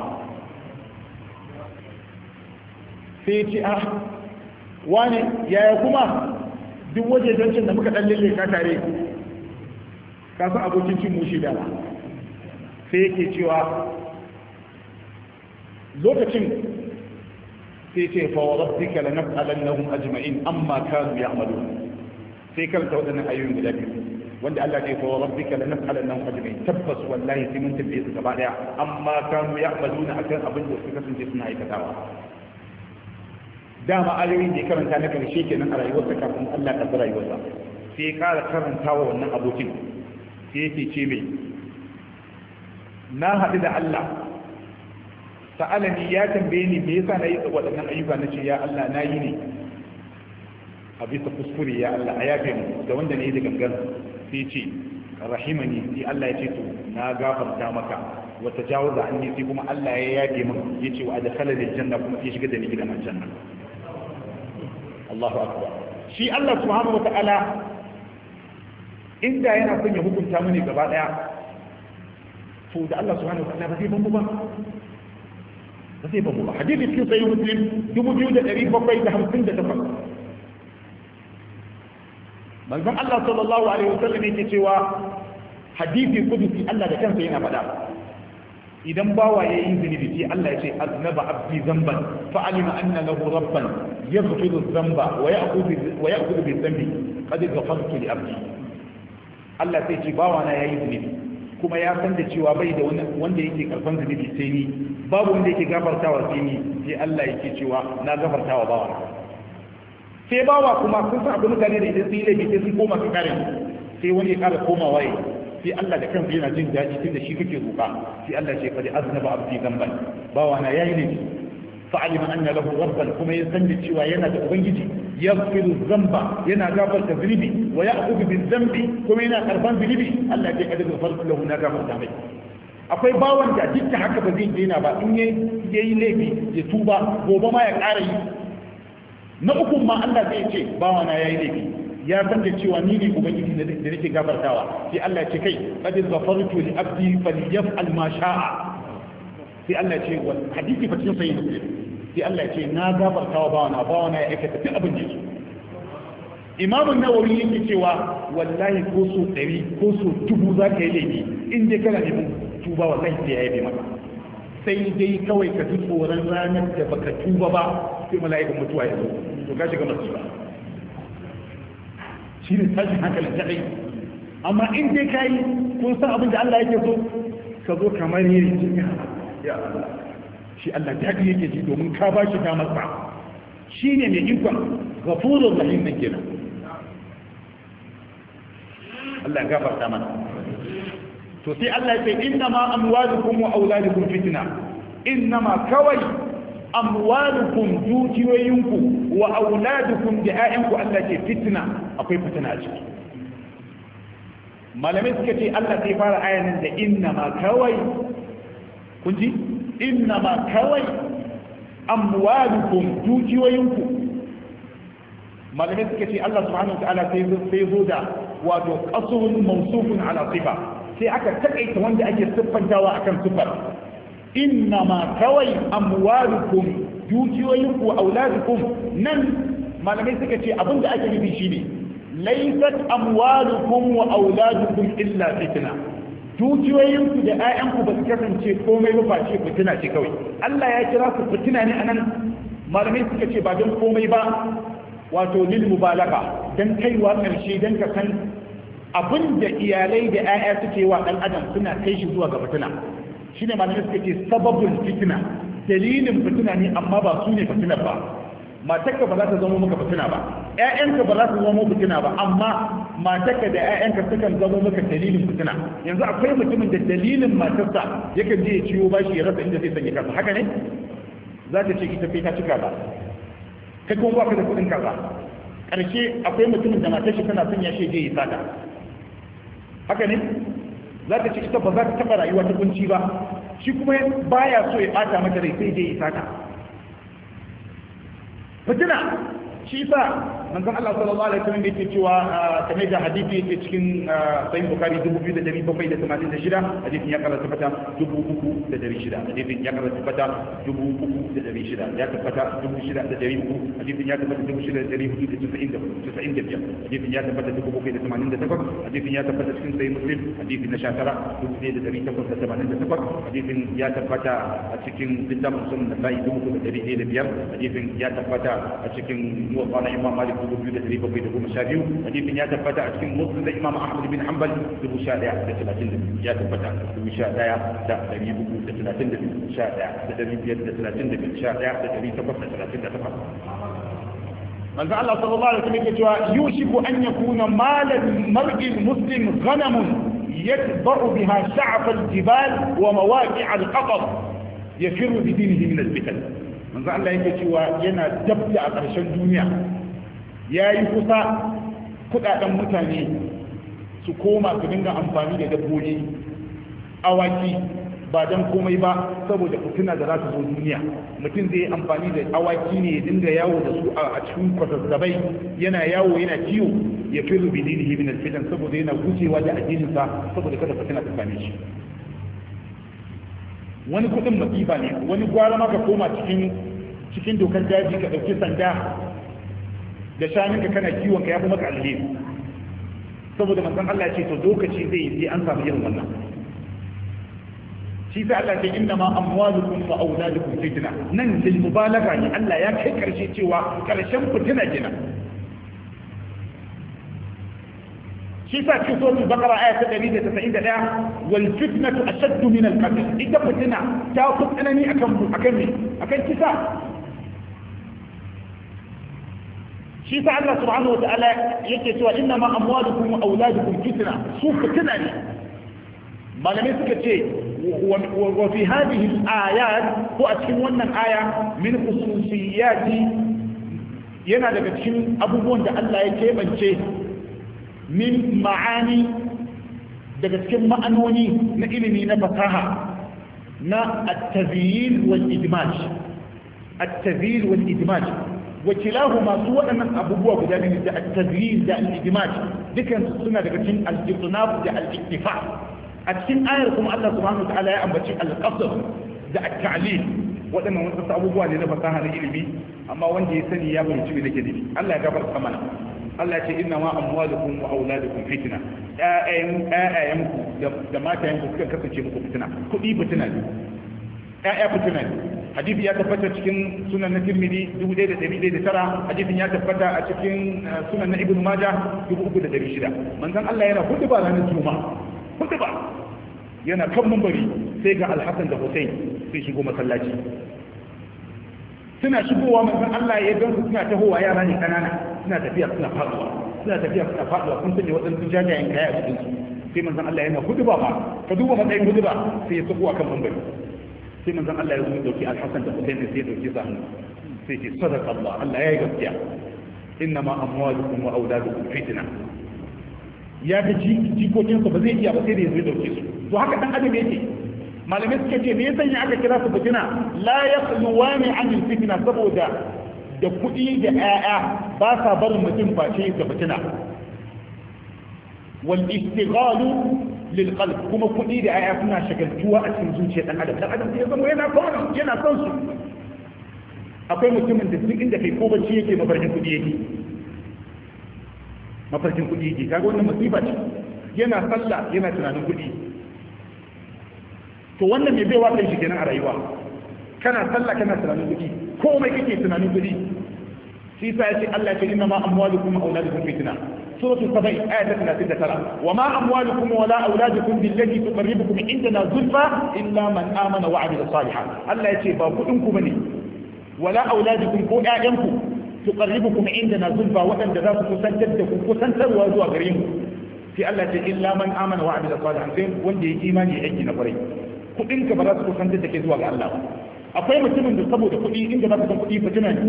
sai ci a ah, wani ya yi kuma duk waje zancen da muka dan lalle ka tare ka san abokin cin mushi da ba? sai yake cewa lokacin sai ce fa wa rabbika lanaf'alannahum ajma'in amma kanu ya'malun sai karanta wadannan ayoyin guda biyu wanda Allah ne kowa rabbika la nas'alannahum ajma'in tabbas wallahi sai mun tambaye su gaba daya amma kanu ya'maluna akan abin da suka kasance suna aikatawa dama ayoyin da karanta na karshe kenan a rayuwarsa kafin Allah ka rayuwarsa sai ya kara karantawa wannan abokin sai yake ce mai na haɗu da Allah sa'alani ya tambaye ni me yasa na yi waɗannan ayyuka na ce ya Allah na yi ne a bisa kuskure ya Allah a yafe mu da wanda ne da gangan sai ce rahimani sai Allah ya ce to na gafarta maka wa tajawaza anni sai kuma Allah ya yafe min yace wa adkhala lil janna kuma sai shiga da ni gidan aljanna Allahu akbar shi Allah subhanahu wa ta'ala inda yana son ya hukunta mu ne gaba daya to da Allah subhanahu wa ta'ala ba zai bambu ba ba zai bambu ba hadisi cikin sahih muslim 2758 manzon Allah sallallahu alaihi wasallam yake cewa hadisi kudusi Allah da kansa yana faɗa idan bawa ya yi zunubi sai Allah ya ce aznaba abdi zamban fa alima anna lahu rabban yaghfiru dhanba wa ya'khudhu wa ya'khudhu bi dhanbi qad ghafartu li abdi Allah sai ce bawa na yayi zunubi kuma ya san da cewa bai da wanda yake karfan zunubi sai ni babu wanda yake gafartawa sai ni sai Allah yake cewa na gafartawa bawa sai bawa kuma sun sa abin mutane da idan sun yi laifi sai sun koma su kare sai wani ya kara komawa ya sai Allah da kansa yana jin daɗi tun da shi kake roƙa sai Allah ya fadi aznaba abdi zamban bawa na yayi ne fa'alima anna lahu rabban kuma ya san da cewa yana da ubangiji yaghfiru zamba yana gafarta zunubi wa ya'khudhu bil zambi kuma yana karban zunubi Allah ya kada gafarta lahu na gafarta mai akwai bawan da duk haka ba zai daina ba in yayi laifi ya tuba gobe ma ya ƙara yi na uku ma Allah zai ce bawa na yayi laifi ya san da cewa ni ne ubangiji da nake gafartawa sai Allah ya ce kai qad ghafartu li abdi falyaf'al ma sha'a sai Allah ya ce wa hadisi fa cikin sahih muslim sai Allah ya ce na gafartawa bawa na bawa na ya aikata duk abin da yake imamu nawawi yake cewa wallahi ko so ɗari ko so dubu za ka yi laifi in dai kana neman tuba wallahi sai ya yabe maka sai dai kawai ka ji tsoron ranar da baka tuba ba sai mala'ikun mutuwa ya zo to ka shiga masifa shi ne tashin hankalin kaɗai amma in dai ka yi kun san abin da Allah yake so ka zo kamar yin jinya ya Allah shi Allah ta daɗi yake ji domin ka ba shi damar ba shi ne mai ikon gafurur rahim ne kenan Allah ya gafarta mana to sai Allah ya ce inna ma amwalukum da auladukum fitna inna ma kawai amwalukum dukiyoyinku wa auladukum da ƴaƴanku Allah ke fitna akwai fitina a ciki malamai suka ce Allah zai fara ayanin da inna ma kawai kun ji inna ma kawai amwalukum dukiyoyinku malamai suka ce Allah subhanahu wa ta'ala sai zo da wato qasrun mawsufun ala sifa sai aka takaita wanda ake siffantawa akan sifar innama kawai amwalukum dukiyoyin ku auladukum nan malamai suka ce abin da ake nufi shine laysat amwalukum wa auladukum illa fitna dukiyoyin ku da ƴaƴan ku ba su kasance komai ba face fitina ce kawai Allah ya kira su fitina ne anan malamai suka ce ba don komai ba wato lil mubalagha dan kaiwa karshe dan ka san abin da iyalai da ƴaƴa suke wa dan adam suna kai shi zuwa ga fitina shine malamai suka ce sababul fitna dalilin fitina ne amma ba su ne fitina ba matarka ba za ta zama maka fitina ba ƴaƴanka ba za su zama fitina ba amma matarka da ƴaƴanka sukan zama maka dalilin fitina yanzu akwai mutumin da dalilin matarsa yakan je ya ciwo bashi ya rasa inda zai sanya kansa haka ne za ta ce ita kai ta cika ba kai kuma ba ka da kuɗin kaza ƙarshe akwai mutumin da matar shi tana son ya shi je ya sata haka ne za ta ce ita ba za ta taɓa rayuwa ta kunci ba shi kuma baya so ya ɓata mata rai sai dai ya sata fitina shi sa manzon Allah sallallahu alaihi wasallam yake cewa ah, kamar da hadisi yake cikin ah, sahih bukhari 2786 hadisin ya karanta fata 3600 hadisin ya karanta fata 3600 ya tabbata 6300 hadisin ya tabbata 6494 hadisin ya tabbata 788 hadisin ya tabbata cikin sahih muslim hadisin na 19 hadisin ya tabbata a cikin littafin sunan nasa'i 1105 hadisin ya tabbata a cikin muwaffaq imam malik موجودة في بيت أبو مشاري هذه من جاءت فتاة كم مصر الإمام أحمد بن حنبل أبو شارع دخل سند من جاءت فتاة أبو شارع دخل سند من شارع دخل سند من شارع دخل سند دخل سند من شارع دخل فعل صلى الله عليه وسلم يوشك أن يكون مال المرء المسلم غنم يتبع بها شعف الجبال ومواقع القطر يفر بدينه من الفتن. من فعل الله يوشك أن يكون مال ينا دبت على الدنيا ya yi kusa kudaden mutane su koma su dinga amfani da dabbobi awaki ba don komai ba saboda fitina da za su zo duniya mutum zai amfani da awaki ne ya dinga yawo da su a cikin kwasasabai yana yawo yana ciwo ya fi rubi dini min alfitan saboda yana gucewa da addininsa saboda kada fitina ta same shi wani kudin masifa ne wani gwara ma ka koma cikin cikin dokar daji ka dauki sanda da shanunka kana kiwon ka ya fi maka alheri saboda manzon Allah ce to lokaci zai yi sai an samu yin wannan shi sai Allah ce inna ma amwalukum wa auladukum fitna nan lil mubalagha ne Allah ya kai karshe cewa karshen fitina kenan shi sa cikin suratul baqara aya ta 191 wal fitnatu ashaddu min al qatl idan fitina ta fi tsanani akan akan akan kisa shi sa Allah subhanahu wataala yake cewa inna ma amwalukum wa auladukum fitna su fitna ne malamai suka ce wa fi hadhihi al-ayat ko a cikin wannan aya min khususiyati yana daga cikin abubuwan da Allah ya kebance min ma'ani daga cikin ma'anoni na ilimi na fasaha na at-tabyin wal idmaj at-tabyin wal idmaj wakilahu masu waɗannan abubuwa guda biyu da tazrir da al-ijmaj dukan suna daga cikin al da al a cikin ayar kuma Allah subhanahu wa ta'ala ya ambaci al-qasr da at waɗannan wasu abubuwa ne na fasaha na ilimi amma wanda ya sani ya fahimci me nake Allah ya gafarta mana Allah ce inna ma amwalukum wa auladukum fitna ƴaƴayen ƴaƴayen da matayen ku kasance muku fitina kuɗi fitina ne ƴaƴa fitina ne hadisi ya tabbata cikin sunan na tirmidhi tara, hadisin ya tabbata a cikin eh, sunan na ibnu majah 3600 manzon Allah yana hutuba ranar Juma, hutuba yana kan mambari sai ga alhassan da hussein sai shigo masallaci suna shigowa manzon Allah ya gansu suna tahowa yara ne kanana suna tafiya suna faduwa suna tafiya suna faduwa sun sanya waɗansu jajayen kaya a cikinsu, su sai manzon Allah yana hutuba ba ka duba matsayin hutuba sai ya tafi akan mambari sai manzon Allah ya zo dauki al-Hasan da Husayn sai dauki sa hannu sai ce sadaqa Allah Allah ya yi gaskiya inna ma amwalukum wa auladukum fitna ya ga jikokin ba zai iya ba sai da ya zo dauke su to haka dan adam yake malamai suke ce me yasa aka kira su fitina la yakhluwani an fitna saboda da kuɗi da ƴaƴa ba sa barin mutum face da fitina wal istighalu lil kuma kuɗi da aya suna shagaltuwa a cikin zuciyar dan adam dan adam sai zama yana son yana son su akwai mutumin da duk inda kai ko bacci yake mafarkin kuɗi yake mafarkin kuɗi yake kaga wannan musiba ce yana sallah yana tunanin kuɗi to wannan mai baiwa kai shi kenan a rayuwa kana sallah kana tunanin kuɗi komai kake tunanin kuɗi shi yasa ce Allah ya ce inna ma amwalukum wa auladukum fitna سورة الصبي آية 39 وما أموالكم ولا أولادكم بالتي تقربكم عندنا زلفى إلا من آمن وعمل صالحا الله يتي باكم بني ولا أولادكم كو آيانكم تقربكم عندنا زلفى وأن ذاك كسنتدكم كسنتر وزوى غريم في الله يتي إلا من آمن وعمل صالحا فين وندي إيماني عجنا قريب كudinka ba za su kusantar da ke zuwa ga Allah ba akwai mutumin da saboda kuɗi inda za ka san kuɗi fitina ne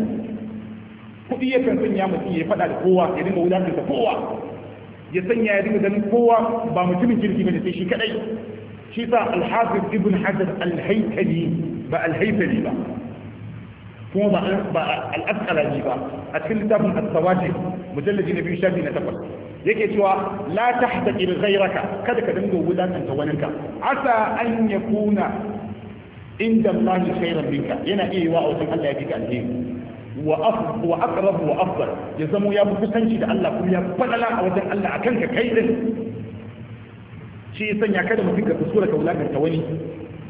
kuɗi ya kan sanya mutum ya faɗa da kowa ya dinga wulaƙanta kowa ya sanya ya dinga ganin kowa ba mutumin kirki bane sai shi kadai shi sa al ibn hajar al ba al ba kuma ba al ba a cikin littafin as-sawati mujalladi na biyu shafi na takwas yake cewa la tahtaqir ghayraka kada ka dinga wulakanta waninka asa an yakuna inda Allah khairan binka yana iya yi wa wajen Allah ya fi alheri wa aqrab wa afdal ya zamo ya fi kusanci da Allah kuma ya falala a wajen Allah akan ka kai din shi ya sanya kada mutum ka kusura ka wulakanta wani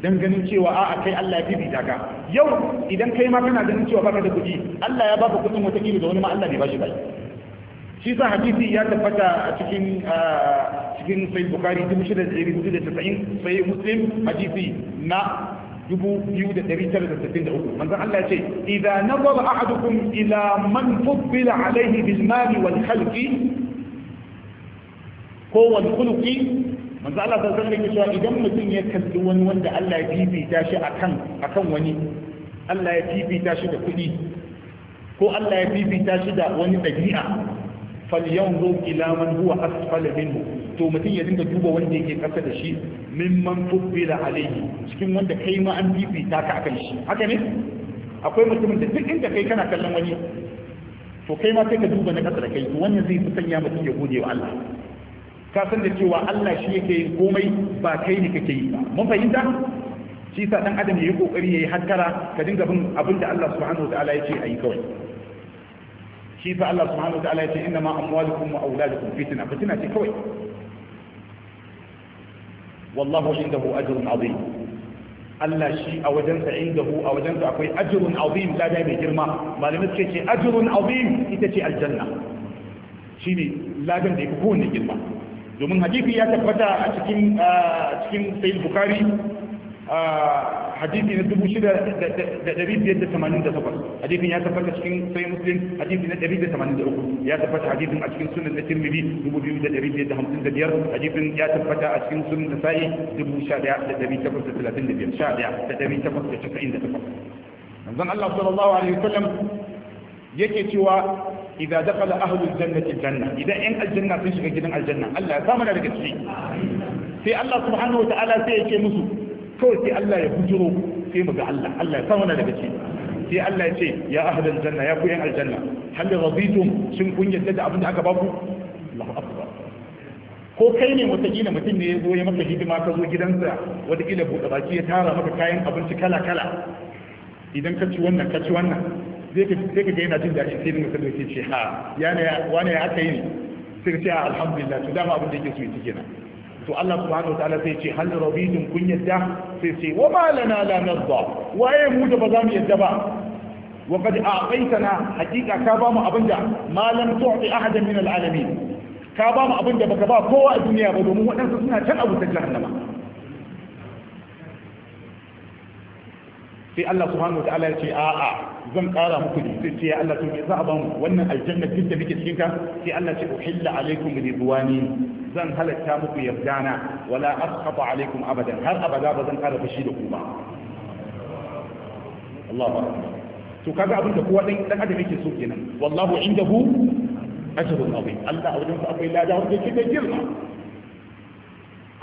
dan ganin cewa a'a kai Allah ya bibita ka yau idan kai ma kana ganin cewa baka da kuɗi Allah ya baka kuɗin wata kiri da wani ma Allah bai bashi ba shi sa hadisi ya tabbata a cikin cikin sai bukari 1690 sai muslim hadisi na Dubu biyu da da da ɗari tara uku, manzon Allah ce idza nazara ahadukum ila man fuddila alaihi bil mali wal khalqi ko wal khuluqi manzon Allah ta sanar cewa idan mutum ya kalli wani wanda Allah ya fifita shi akan akan wani Allah ya fifita shi da kuɗi ko Allah ya fifita shi da wani ɗabi'a falyanzu ila man huwa asfala minhu to mutum ya dinga duba wanda yake kasa da shi mimman fuddila alayhi cikin wanda kai ma an fifita ka akan shi haka ne akwai mutumin da duk inda kai kana kallon wani to kai ma sai ka duba na kasa da kai to wannan zai fi sanya mutum ya gode wa Allah ka san da cewa Allah shi yake yin komai ba kai ne kake yi ba mun fahimta shi sa dan adam yayi kokari yayi hankara ka dinga bin abin da Allah subhanahu wa ta'ala yake ayi kawai shi sa Allah subhanahu wa ta'ala ya ce inna ma amwalukum wa auladukum fitna fitna ce kawai wallahu indahu ajrun azim Allah shi a wajen wajensa indahu a wajen sa akwai ajrun azim da mai girma malamai suke ce ajrun azim ita ce aljanna shine ladan da yake kowanne girma domin hadisi ya tabbata a cikin cikin sahih bukhari hadisi na dubu shida da ɗari biyar da tamanin da takwas hadisin ya tabbata cikin sai muslim hadisi na ɗari da tamanin da uku ya tabbata hadisin a cikin sunan na tirmidhi dubu biyu da ɗari biyar da hamsin da biyar hadisin ya tabbata a cikin sunan na sa'i dubu sha ɗaya da ɗari takwas da talatin da biyar sha ɗaya da ɗari takwas da casa'in da takwas manzon Allah sallallahu alaihi wasallam yake cewa إذا دخل أهل الجنة الجنة إذا إن الجنة تنشق جدا الجنة الله سامنا لك الشيء في الله سبحانه وتعالى سيكي مسو kawai sai Allah ya bujiro sai mu ga Allah Allah ya samu mana daga ciki sai Allah ya ce ya ahlan janna ya ku yan aljanna hal raditum shin kun yadda da abin da aka baku Allahu akbar ko kai ne wataƙila mutum ne ya zo ya maka hidima ka zo gidansa kila buɗe baki ya tara maka kayan abinci kala kala idan ka ci wannan ka ci wannan zai ka ga yana jin daɗi sai dinga ya ce ha yana wani ya aka yi sai ka ce alhamdulillah to dama abin da yake so ya ci kenan to Allah subhanahu wataala sai ce hal rabitum kun yadda sai ce wa ma lana la waye mu da ba za mu yadda ba wa qad a'taytana hakika ka ba mu abinda ma lam tu'ti ahadan min al'alamin ka ba mu abinda baka ba kowa a duniya ba domin wadansu suna can abu ta jahannama sai Allah subhanahu wataala ya ce a'a zan kara muku ne sai ya Allah to me za a ba mu wannan aljanna duk da muke cikin ka sai Allah ce uhilla alaikum ridwani zan halatta muku yardana wala asqata alaikum abadan har abada ba zan kara fashi da ku ba Allahu akbar to kaga abin da kowa dan adam yake so kenan wallahu indahu ajrun azim Allah a wajen sa akwai lada wanda yake da girma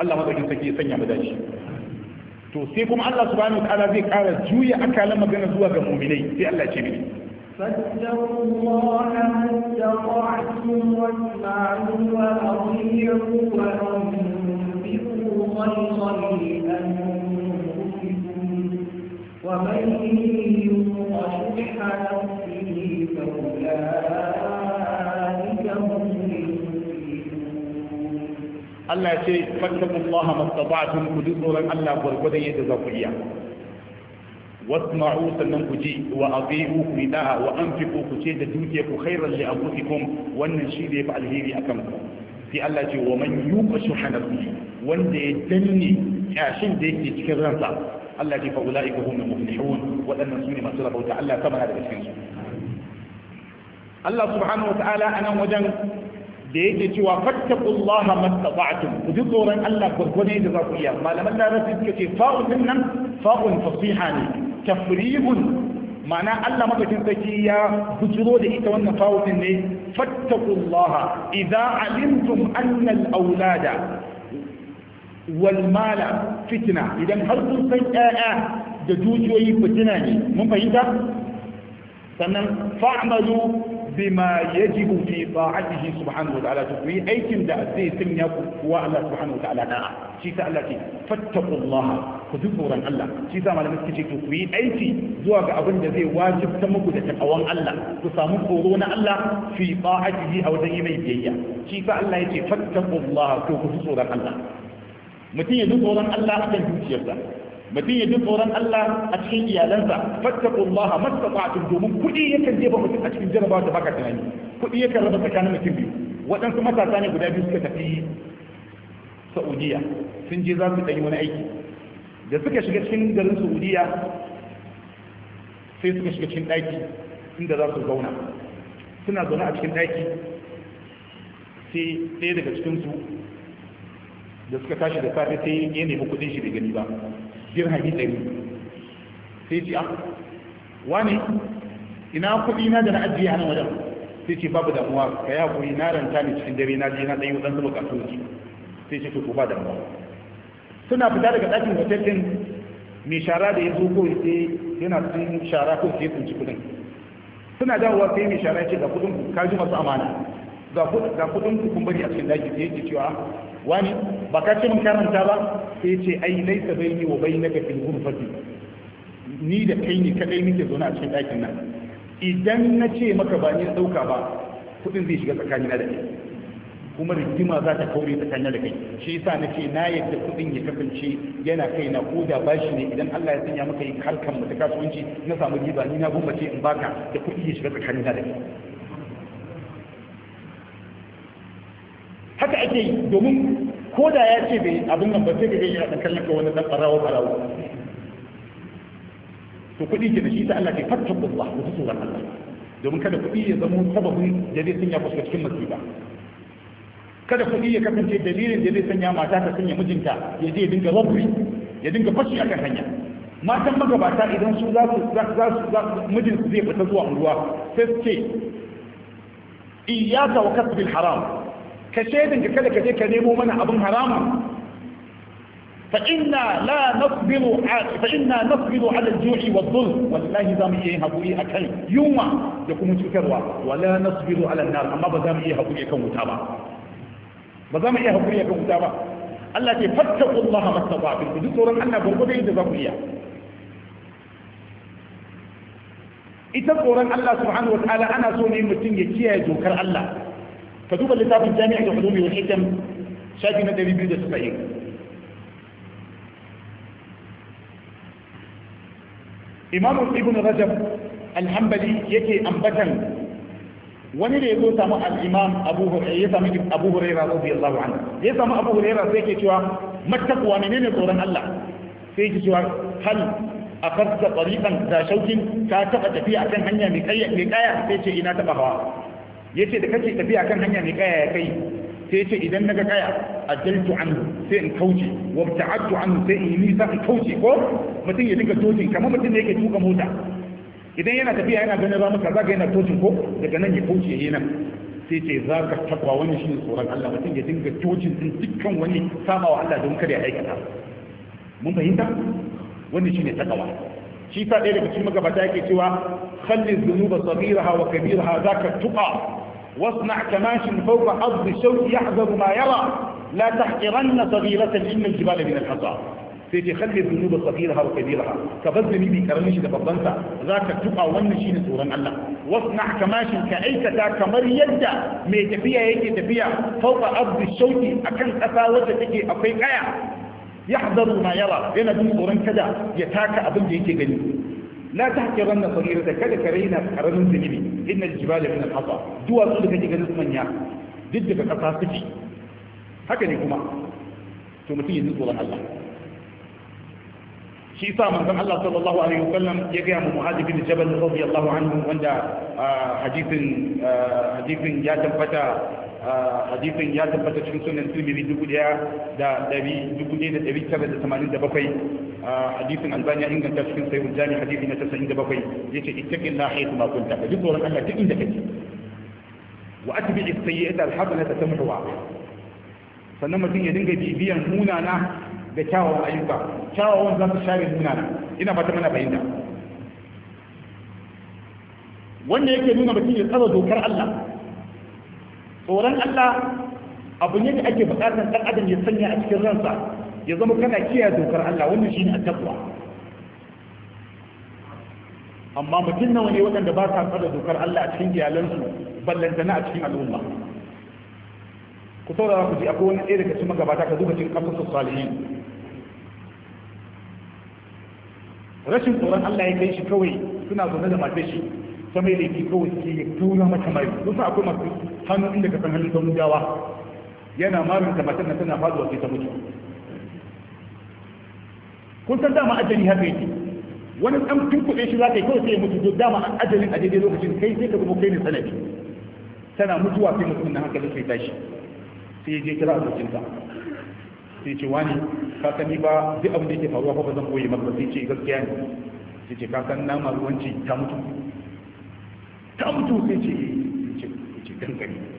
Allah madaukin sarki ya sanya mu dace to sai kuma Allah subhanahu wataala zai kara juya akalan magana zuwa ga mu'minai sai Allah ce mini فاتقوا الله ما استطعتم واسمعوا وأطيعوا وأنفقوا خيرا لأنفسكم ومن Allah ya ce fattakullaha mastata'tum ku ji tsoron Allah gwargwadon yadda za ku iya wasma'u sannan ku ji wa atiu ku da'a wa anfiqu ku ce da dukiya ku khairan li anfusikum wannan shi da yafi alheri akan ku sai Allah ce wa man yuqa shuha nafsihi wanda ya danne kyashin da yake cikin ransa Allah ce fa ulaika humul muflihun wadannan sune masu rabauta Allah sama na daga cikin su Allah subhanahu wa ta'ala anan wajen da yake cewa fattaqullaha mastata'tum ku ji tsoron Allah gurgune da za ku iya malaman larabci suka ce din nan fa'un fasiha ne tafrihun ma'ana Allah madaukin sarki ya bujiro da ita wannan fa'un din ne fattaqullaha idza alimtum anna al-awlada wal mala fitna idan har kun san ƴaƴa da dukiyoyi fitina ne mun fahimta sannan fa'malu bima yajibu fi ta'atihi subhanahu wa ta'ala ku yi aikin da zai sanya ku kuwa Allah subhanahu wa ta'ala da'a shi ta Allah ce fattaqullaha ku ji tsoron Allah shi sa malamai suke ce to ku yi aiki zuwa ga abin da zai wajibta muku da takawan Allah ku samu tsoro na Allah fi ta'atihi a wajen yi mai biyayya shi sa Allah yace fattaqullaha to ku ji tsoron Allah mutum ya ji tsoron Allah akan dukiyarsa mutum ya ji tsoron Allah a cikin iyalansa fattaqullaha mastata'tum domin kudi yakan jefa mutum a cikin jarabawa da baka tunani kudi yakan raba tsakanin mutum biyu waɗansu matasa ne guda biyu suka tafi Saudiya sun je za su ɗanyi wani aiki da suka shiga cikin garin Saudiya sai suka shiga cikin ɗaki inda za su zauna suna zaune a cikin ɗaki sai ɗaya daga cikinsu da suka tashi da safe sai ya nemi kuɗin shi da gani ba dirhami ɗari sai ce ah, wani ina kuɗi na da na ajiye hannun wajen sai ce babu damuwa ka yi haƙuri na ranta ne cikin dare na je na zuba waɗansu buƙatu sai ce to ba damuwa suna fita daga ɗakin hotel ɗin mai shara da ya zo ko ya yana cikin shara ko ya tsinci kuɗin suna dawowa sai mai shara ce ga kuɗin ka ji masu amana ga kuɗin ku kun a cikin daji sai yake cewa ah, wani ba ka ci mun karanta ba sai ce ai laisa baini wa bainaka fil ghurfati ni da kai ne kadai nake zaune a cikin ɗakin nan idan na ce maka ba ni dauka ba kuɗin zai shiga tsakanina da kai kuma rigima za ta kaure tsakanin da kai shi yasa na ce na yadda kuɗin ya kasance yana kai na ko da bashi ne idan Allah ya sanya maka yin harkan mu ta kasuwanci na samu riba ni na gumbace in baka da kuɗi ya shiga tsakanin da kai haka ake yi domin ko da ya ce bai abin nan ba sai ga yana dan kallon ka wani dan farawo farawo to kuɗi ke da shi ta Allah ke fattakullah ku tsoron Allah domin kada kuɗi ya zama sababin da zai sanya ku cikin masifa kada kuɗi ya kasance dalilin da zai sanya mata ta sanya mijinta ya je dinga robbery ya dinga fashi a kan hanya matan magabata idan su za su za su za mijin su zai fita zuwa unguwa sai su ce iyyaka wa kasbil haram ka shaidin ka kada ka je ka nemo mana abin haramun fa inna la nasbiru fa inna nasbiru ala al-ju'i wa za mu iya hakuri akan yunwa da kuma cutarwa wala nasbiru ala an-nar amma ba za mu iya hakuri akan wuta ba ba za mu iya hakuri akan wuta ba Allah ce fattaqullaha mastata'tum ku ji tsoron Allah gurgurda za ku iya ita tsoron Allah subhanahu wa ta'ala ana so ne mutum ya kiyaye dokar Allah فشوف اللي صار في الجامعة الحلوم والحكم شادي مدري بيدة سبعين إمام ابن رجب الحنبلي يكي أنبتا وني لي يقول سامو الإمام أبو هريرة يسامع أبو هريرة رضي الله عنه يسامع أبو هريرة سيكي شوى ما التقوى من نين القرآن الله سيكي شوى هل أخذت طريقا ذا شوك كاتفت في أكن هنيا مكايا مكايا سيكي إنا تبهوا Ya ce da kake tafiya kan hanya mai kaya ya kai sai ce idan naga kaya a ajaltu an sai in kauce wa ta'adtu an sai in nisa in kauce ko mutum ya dinga tocin kamar mutum ne yake tuka mota idan yana tafiya yana ganin ramu kaza ga yana tocin ko daga nan ya kauce yayin nan sai ce za ka takwa wani shi tsoron Allah mutum ya dinga tocin din dukkan wani samawa Allah don kada ya aikata mun fahimta wannan shine takawa shi sa ɗaya daga cikin magabata yake cewa khalli dhunuba saghiraha wa kabiraha zaka tuqa واصنع كماش فوق حظ الشوك يحذر ما يرى لا تحقرن صغيرة إن الجبال من الحصى sai ce kalli zunuba sabiraha wa kabiraha ka bar zunubi karamin shi da babban sa zaka tuka wannan shine tsoron Allah wasna kamashin ka aikata kamar yadda mai tafiya yake tafiya fauka ardi shauki akan kasa wacce take akwai kaya yahdaru ma yawa yana jin tsoron kada ya taka abin da yake gani la tahqiranna da kada ka raina karamin zunubi ina jibala min al-hasa duwatsu da kake ganin manya duk daga kasa suke haka ne kuma to mutum ya tsoron Allah shi sa manzon Allah sallallahu alaihi wasallam ya ga mu Mu'adh bin Jabal radiyallahu anhu wanda hadisin hadisin ya tabbata hadisin ya tabbata cikin sunan tirmidhi dubu daya da dari dubu daya da dari tara da tamanin da bakwai hadisin albani ya inganta cikin sahihul jami hadisi na tasa'in da bakwai yace ittaqin la haythu ma kunta ka ji tsoron Allah duk inda kake wa atbi as-sayyi'ata al-hasanata tamhuha sannan mutum ya dinga bibiyan munana da kyawawan ayyuka kyawawan za su share munana ina ba ta mana fahimta wanda yake nuna mutum ya tsara dokar Allah tsoron Allah abu ne da ake bukatar dan adam ya sanya a cikin ransa ya zama kana kiyaye dokar Allah wannan shine at-taqwa amma mutum nawa ne waɗanda ba sa tsara dokar Allah a cikin iyalansu ballantana a cikin al'umma ku saurara ku ji akwai wani ɗaya daga cikin magabata ka duba cikin kafin salihin rashin tsoron Allah ya kai shi kawai suna zaune da matar shi ta mai laifi kawai suke ya tura mata mai kusa akwai masu hannu inda ka san hannun sauran jawa yana marin ta matar na tana faduwa sai ta mutu kun san dama ajali haka yake wani an tunkuɗe shi za ka yi kawai sai ya mutu to dama ajalin a daidai lokacin kai sai ka zama kai ne sanadi tana mutuwa sai mutum na hankali sai tashi sai ya je kira abokinsa sai ce wani ka sani ba duk abin da yake faruwa ba zan koyi maka sai ce gaskiya ne sai ce ka san nama ruwanci ta mutu ta mutu sai ce ce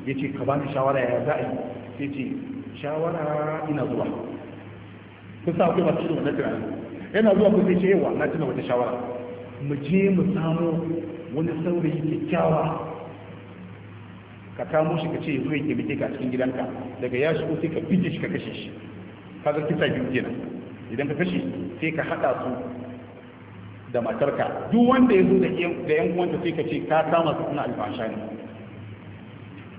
ya ce ka bani shawara ya za a yi sai ce shawara ina zuwa sa akwai masu shi wannan tunani yana zuwa sai ce yawa na tuna wata shawara mu je mu samu wani saurayi kyakkyawa ka kamo shi ka ce zuwa ya taimake ka cikin gidanka daga ya shigo sai ka fije shi ka kashe shi Ka kaga kisa biyu kenan idan ka kashe sai ka haɗa su da matarka duk wanda ya zo da yan uwanta sai ka ce ka kama su suna alfasha ne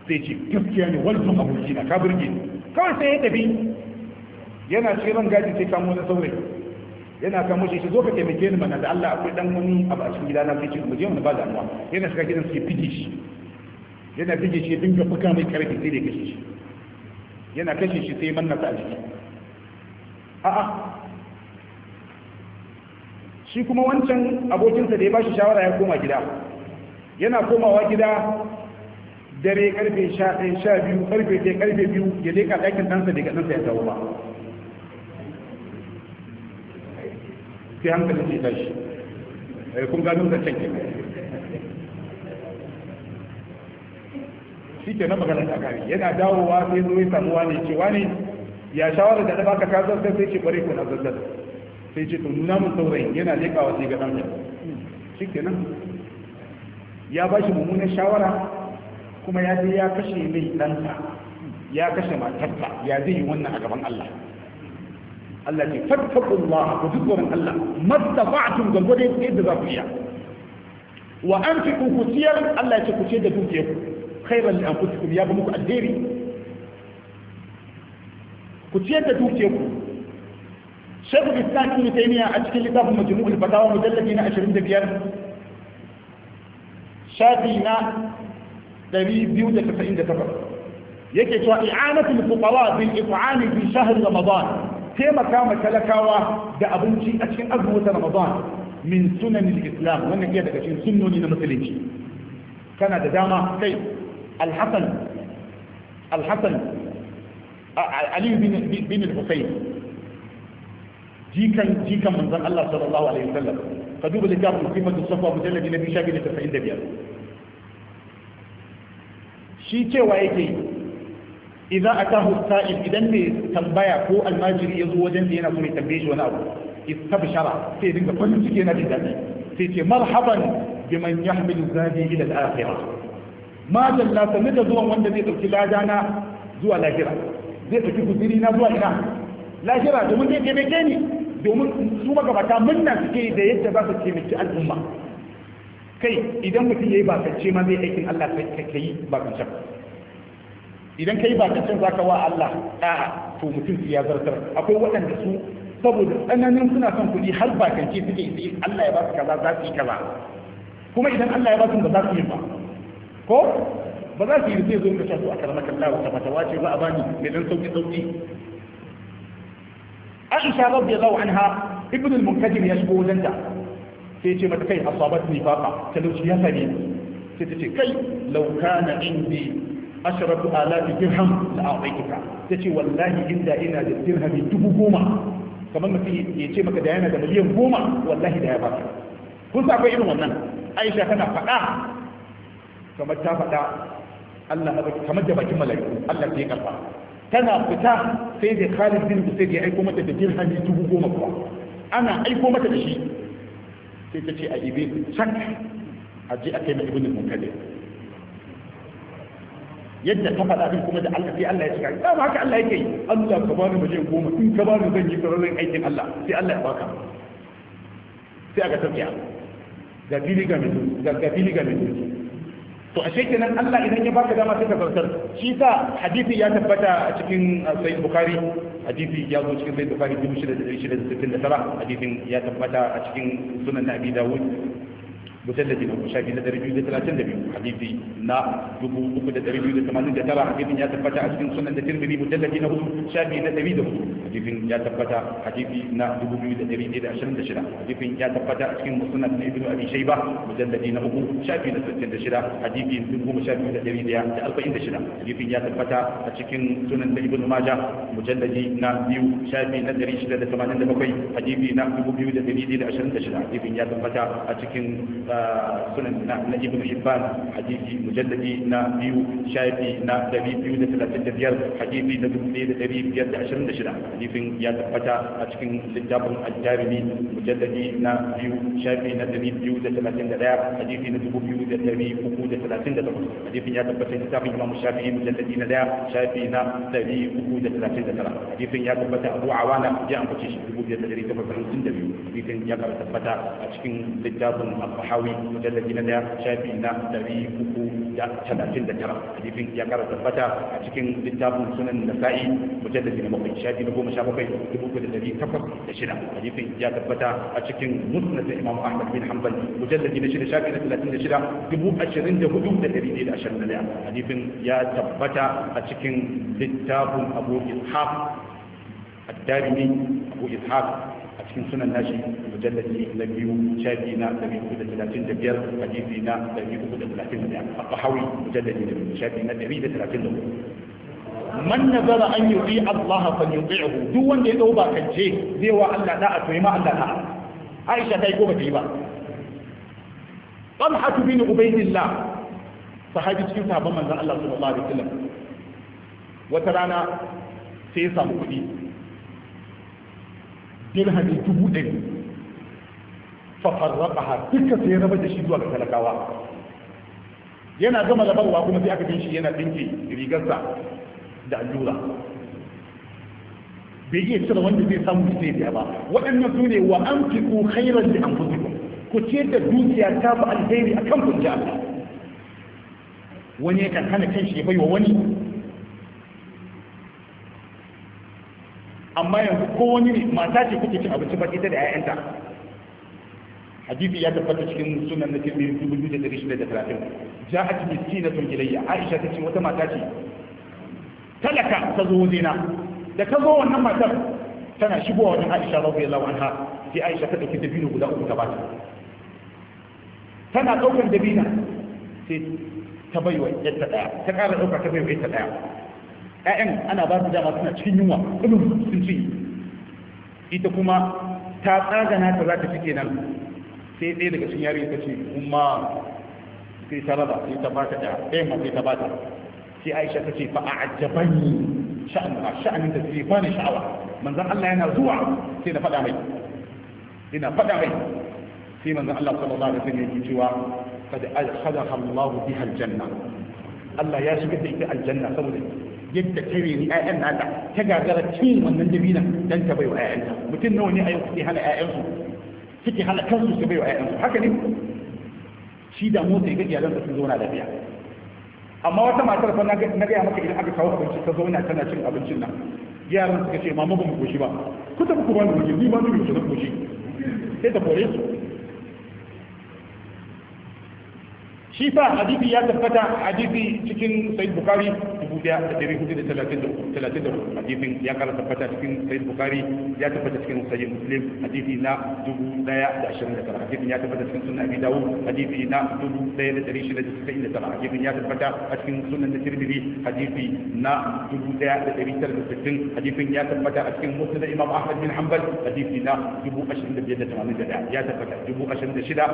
sai ce gaskiya ne wannan aboki na ka burge kawai sai ya tafi yana shirin gaji sai kamo na saurayi yana kan mace shi zo ka taimake ni mana da Allah akwai dan wani abu a cikin gida na ce mu je mu ba da amma yana shiga gidan sai fige shi yana fige shi dinga fuka mai karfi sai da kashe shi yana kashe shi sai manna ta a jiki a'a shi kuma wancan abokinsa da ya ba shi shawara ya koma gida yana komawa gida dare karfe sha ɗaya sha biyu karfe ɗaya karfe biyu ya leka ɗakin ɗansa daga ɗansa ya dawo ba sai hankalin sai tashi eh, kun gano da can kenan shi ke na magana ta kare yana dawowa sai zo ya samu cewa ce ya shawara da baka ka zartar sai ce bare ku na zartar sai ce to nuna mun saurayin yana lekawa sai ga dan shi kenan ya ba shi mummunan shawara kuma ya je ya kashe mai ɗansa ya kashe matarsa ya zai yi wannan a gaban Allah Allah ce fattakullah ku ji tsoron Allah mastafa'atun gangwade yadda za ku iya wa an fi ku ciyar Allah ce ku ce da dukiyar khairan li anfusikum ya ga muku alheri ku ciyar da dukiyar ku shekul islam ibn taymiya a cikin littafin majmu'ul fatawa mujalladi na 25 shafi na 298 yake cewa i'anatul fuqara bil it'ami fi shahr ramadan taimaka ma talakawa da abinci a cikin azumin ramadan min sunan islam wannan iya daga cikin sunnoni na musulunci kana da dama kai alhassan alhassan Ali bin Hussein jikan jikan manzon Allah sallallahu alaihi wasallam ka duba littafin sifatu safa mujalladi na biyu shafi da tasa'in da biyar shi cewa yake idan atahu sa'il idan ne tambaya ko almajiri ya zo wajen da yana so ya tambaye shi wani abu istabshara sai dinga farin ciki yana jin daɗi sai ce marhaban biman yahmilu zadi ila al-akhirah ma dalla sanin da zuwan wanda zai dauki ladana zuwa lahira zai tafi guziri na zuwa ina lahira domin zai taimake ni domin su magabata munna suke da yadda za su taimaki al'umma kai idan mutum ya yi bakance ma zai aikin Allah ka yi bakance idan ka yi bakance za ka wa Allah 'A'a, to mutum su ya zartar akwai waɗanda su saboda tsananin suna son kuɗi har bakance suke yi Allah ya ba su kaza za su yi kaza kuma idan Allah ya ba su ba za su yi ba ko ba za su yi zai zo ka su a karamakan lawa ta fata wace ba a bani mai dan sauki sauki Aisha radiyallahu anha ibn al-munkadir ya shigo wajen ta sai ce mata kai asabat nifaqa talauci ya same sai ta ce kai law kana indi ashratu alafi dirham la Ta ce wallahi inda ina da dirhami dubu goma kamar mutum ya ce maka da yana da miliyan goma wallahi da ya baka kun sa akwai irin wannan aisha tana faɗa kamar ta faɗa Allah haɓa kamar da bakin mala'iku Allah ke karɓa tana fita sai da Khalid bin Usayd ya aiko mata da dirhami dubu goma kuwa ana aiko mata da shi sai ta ce a ibe can a je a kai na ibn munkadir yadda ta faɗa din kuma da Allah sai Allah ya cika da haka Allah yake Allah ka bani miliyan goma in ka bani zan yi sararin aikin Allah sai Allah ya baka sai aka tafiya ga fili ga mai ga fili ga mai to ashe kenan Allah idan ya baka dama sai ka zartar shi sa hadisi ya tabbata a cikin uh, sahih Bukari hadisi ya zo cikin sahih bukhari 6669 hadisin ya tabbata a cikin sunan abi dawud mujalladi na sha biyu na dari biyu da talatin da biyu hadisi na dubu uku da dari biyu da tamanin da tara hadisin ya tabbata a cikin sunan da tirmidhi mujalladi na hudu sha biyu da dari da hudu hadisin ya tabbata hadisi na dubu biyu da dari ɗaya da ashirin da shida hadisin ya tabbata a cikin musnad na ibnu abi shayba mujalladi na uku sha biyu da sittin da shida hadisi dubu goma sha biyu da dari ɗaya da arba'in da shida hadisin ya tabbata a cikin sunan da ibnu maja mujalladi na biyu sha biyu na dari shida da tamanin da bakwai hadisi na dubu biyu da dari ɗaya da ashirin da shida hadisin ya tabbata a cikin sunan na ibn hibban hadisi mujalladi na biyu shafi na dari biyu da talatin da biyar hadisi na dubu ɗaya da dari biyar da ashirin da shida hadisin ya tabbata a cikin littafin al-jarimi mujalladi na biyu shafi na dari biyu da talatin da ɗaya hadisi na dubu biyu da dari uku da talatin da takwas hadisin ya tabbata littafin imam shafi mujalladi na ɗaya shafi na dari uku da talatin da tara hadisin ya tabbata abu awana ya ambace shi dubu biyar da dari takwas da hamsin da biyu hadisin ya tabbata a cikin littafin al-fahawi mawuni mujalladi na daya shafi na dari uku da talatin da tara hadisin ya kara tabbata a cikin littafin sunan nasa'i mujalladi na bakwai shafi na goma sha bakwai dubu uku da dari takwas da shida hadisin ya tabbata a cikin musnad da imam ahmad bin hanbal mujalladi na shida shafi na talatin da shida dubu ashirin da hudu da dari ɗaya da ashirin da daya hadisin ya tabbata a cikin littafin abu ishaq الدارمي أبو إسحاق cikin sunan nashi mujallati na biyu shafi na ɗari uku da talatin da biyar hadisi na ɗari uku da talatin da biyar a fahawi mujallati na biyu shafi na ɗari da talatin da man nazara an Allah fa yuti'hu duk wanda ya dau bakance zai wa Allah yi ma Allah da'a Aisha da yi ko bata yi ba Talha bin Ubaydillah sahabi cikin sahabban manzon Allah sallallahu alaihi wasallam wata rana sai ya samu kuɗi dirhami dubu ɗari fafarraba ha duka sai raba da shi zuwa ga talakawa yana gama labarwa kuma sai aka bin shi yana ɗinke rigarsa da allura bai iya cire wanda zai samu sai biya ba waɗannan su ne wa an fi ku khairan da an ku ce da dukiya ta fi alheri a kan kunji Allah wani yakan hana kan shi ya bai wa wani amma yanzu ko wani ne mata ce kuke cin abinci ba ita da 'ya'yanta hadisi ya tabbata cikin sunan na tirmidhi dubu biyu da dari shida da talatin ja'at miskinatun ilayya aisha ta ce wata mata ce talaka ta zo zina da ta zo wannan matar tana shigowa wajen aisha radiyallahu anha sai aisha ta dauki dabino guda uku ta bata tana daukar dabina sai ta baiwa yadda daya ta kara dauka ta baiwa yadda daya ƴaƴan ana ba su dama suna cikin yunwa ɗin sun ci ita kuma ta tsagana ta za ta ci kenan sai ɗaya daga cikin yari ta ce kuma sai ta raba sai ta bata da ɗaya ma sai ta bata sai aisha ta ce fa a ajabani sha'anuka sha'anin da sai bani sha'awa manzon Allah yana zuwa sai na faɗa mai ina faɗa mai sai manzon Allah sallallahu alaihi wasallam yake cewa kad alkhadaha Allah biha aljanna Allah ya shiga da ita aljanna saboda yadda ta yi ƴaƴan nata ta gagara cin wannan dabinan dan ta baiwa ƴaƴanta mutum nawa ne a yau kuke hana ƴaƴansu kuke hana kansu su baiwa ƴaƴansu haka ne shi da motsa ga iyalan da sun zauna lafiya amma wata matar fa na gaya maka idan aka kawo abinci ta zauna tana cin abincin nan yaran suka ce mama ba mu koshi ba ku tafi ku ba mu koshi ni ba mu koshi na koshi sai ta kore su shi fa hadisi ya tabbata hadisi cikin sahih bukhari dubu da ya kara tabbata cikin sahih bukhari ya tabbata cikin sahih muslim hadisi na dubu daya ya tabbata cikin sunan abi dawud hadisi na dubu daya ya tabbata a cikin sunan tirmidhi hadisi na dubu daya ya tabbata a cikin musnad imam ahmad bin hanbal hadisi na dubu ya tabbata dubu da shida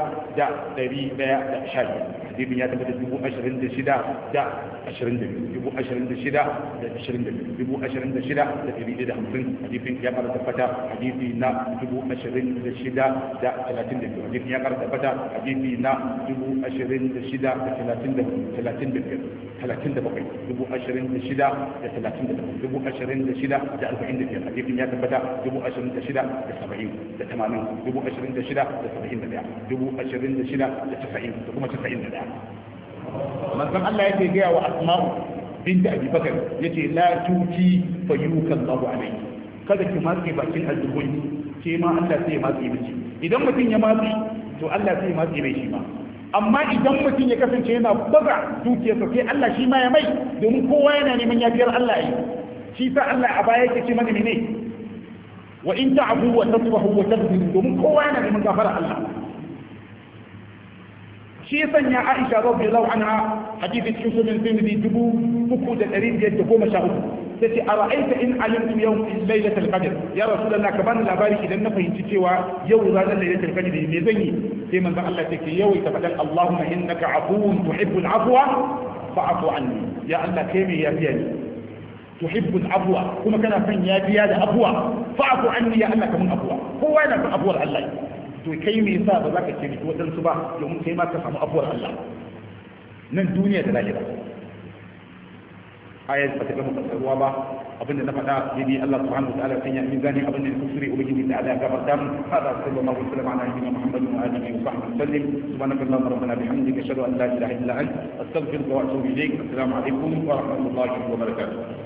hadisin ya tabbata dubu ashirin da shida da ashirin da biyu dubu ashirin da shida da ashirin da biyu dubu ashirin da shida da ɗari da hamsin hadisin ya ƙara tabbata hadisi na dubu ashirin da shida da talatin da biyu hadisin ya ƙara tabbata hadisi na dubu ashirin da shida da talatin da talatin da biyar talatin da bakwai dubu ashirin da shida da talatin da bakwai dubu ashirin da shida da arba'in da biyar hadisin ya tabbata dubu ashirin da shida da saba'in da tamanin dubu ashirin da shida da saba'in da ɗaya dubu ashirin da shida da tasa'in da kuma tasa'in da ɗaya manzon Allah ya yake gaya wa asma'u bin binta abi bakar ce, la tuki fayukan Allahu alayhi kada ki matsi bakin aljubunki ke ma Allah sai ya matsi miki idan mutum ya matsi to Allah sai ya matsi mai shi ma amma idan mutum ya kasance yana baza dukiyarsa sai Allah shi ma ya mai domin kowa yana neman yafiyar Allah yi shi sa Allah a baya yake ce mana ne, wa in ta'fu wa tasfahu wa tadbiru domin kowa yana neman gafara Allah shi ya sanya Aisha radiyallahu anha hadisi cikin sunan Tirmidhi dubu uku da ɗari biyar da goma sha uku ta ce a ra'aita in alimtu yau lailatul qadr ya rasulullah ka bani labari idan na fahimci cewa yau ranar lailatul qadr me zan yi sai manzon Allah take yau ta fadal Allahumma innaka afuwun tuhibbul afwa fa'fu anni ya Allah kai me yafiya ni tuhibbul afwa kuma kana son yafiya da afwa fa'fu anni ya Allah kamun afwa kowa yana son afwar Allah to kai me yasa ba za ka ce waɗansu ba domin kai ma ka samu afuwar Allah nan duniya da lahira ayat ba ta gama fassarwa ba abinda na faɗa daidai Allah subhanahu wa ta'ala sanya min zani abinda na kusure ubangiji da Allah gabar da mu hada sallallahu alaihi wa sallam ala nabiyyina Muhammadin wa alihi wa sahbihi sallim subhanallahi rabbana bihamdika ashhadu an la ilaha illa anta astaghfiruka wa atubu ilaik assalamu alaikum wa rahmatullahi wa barakatuh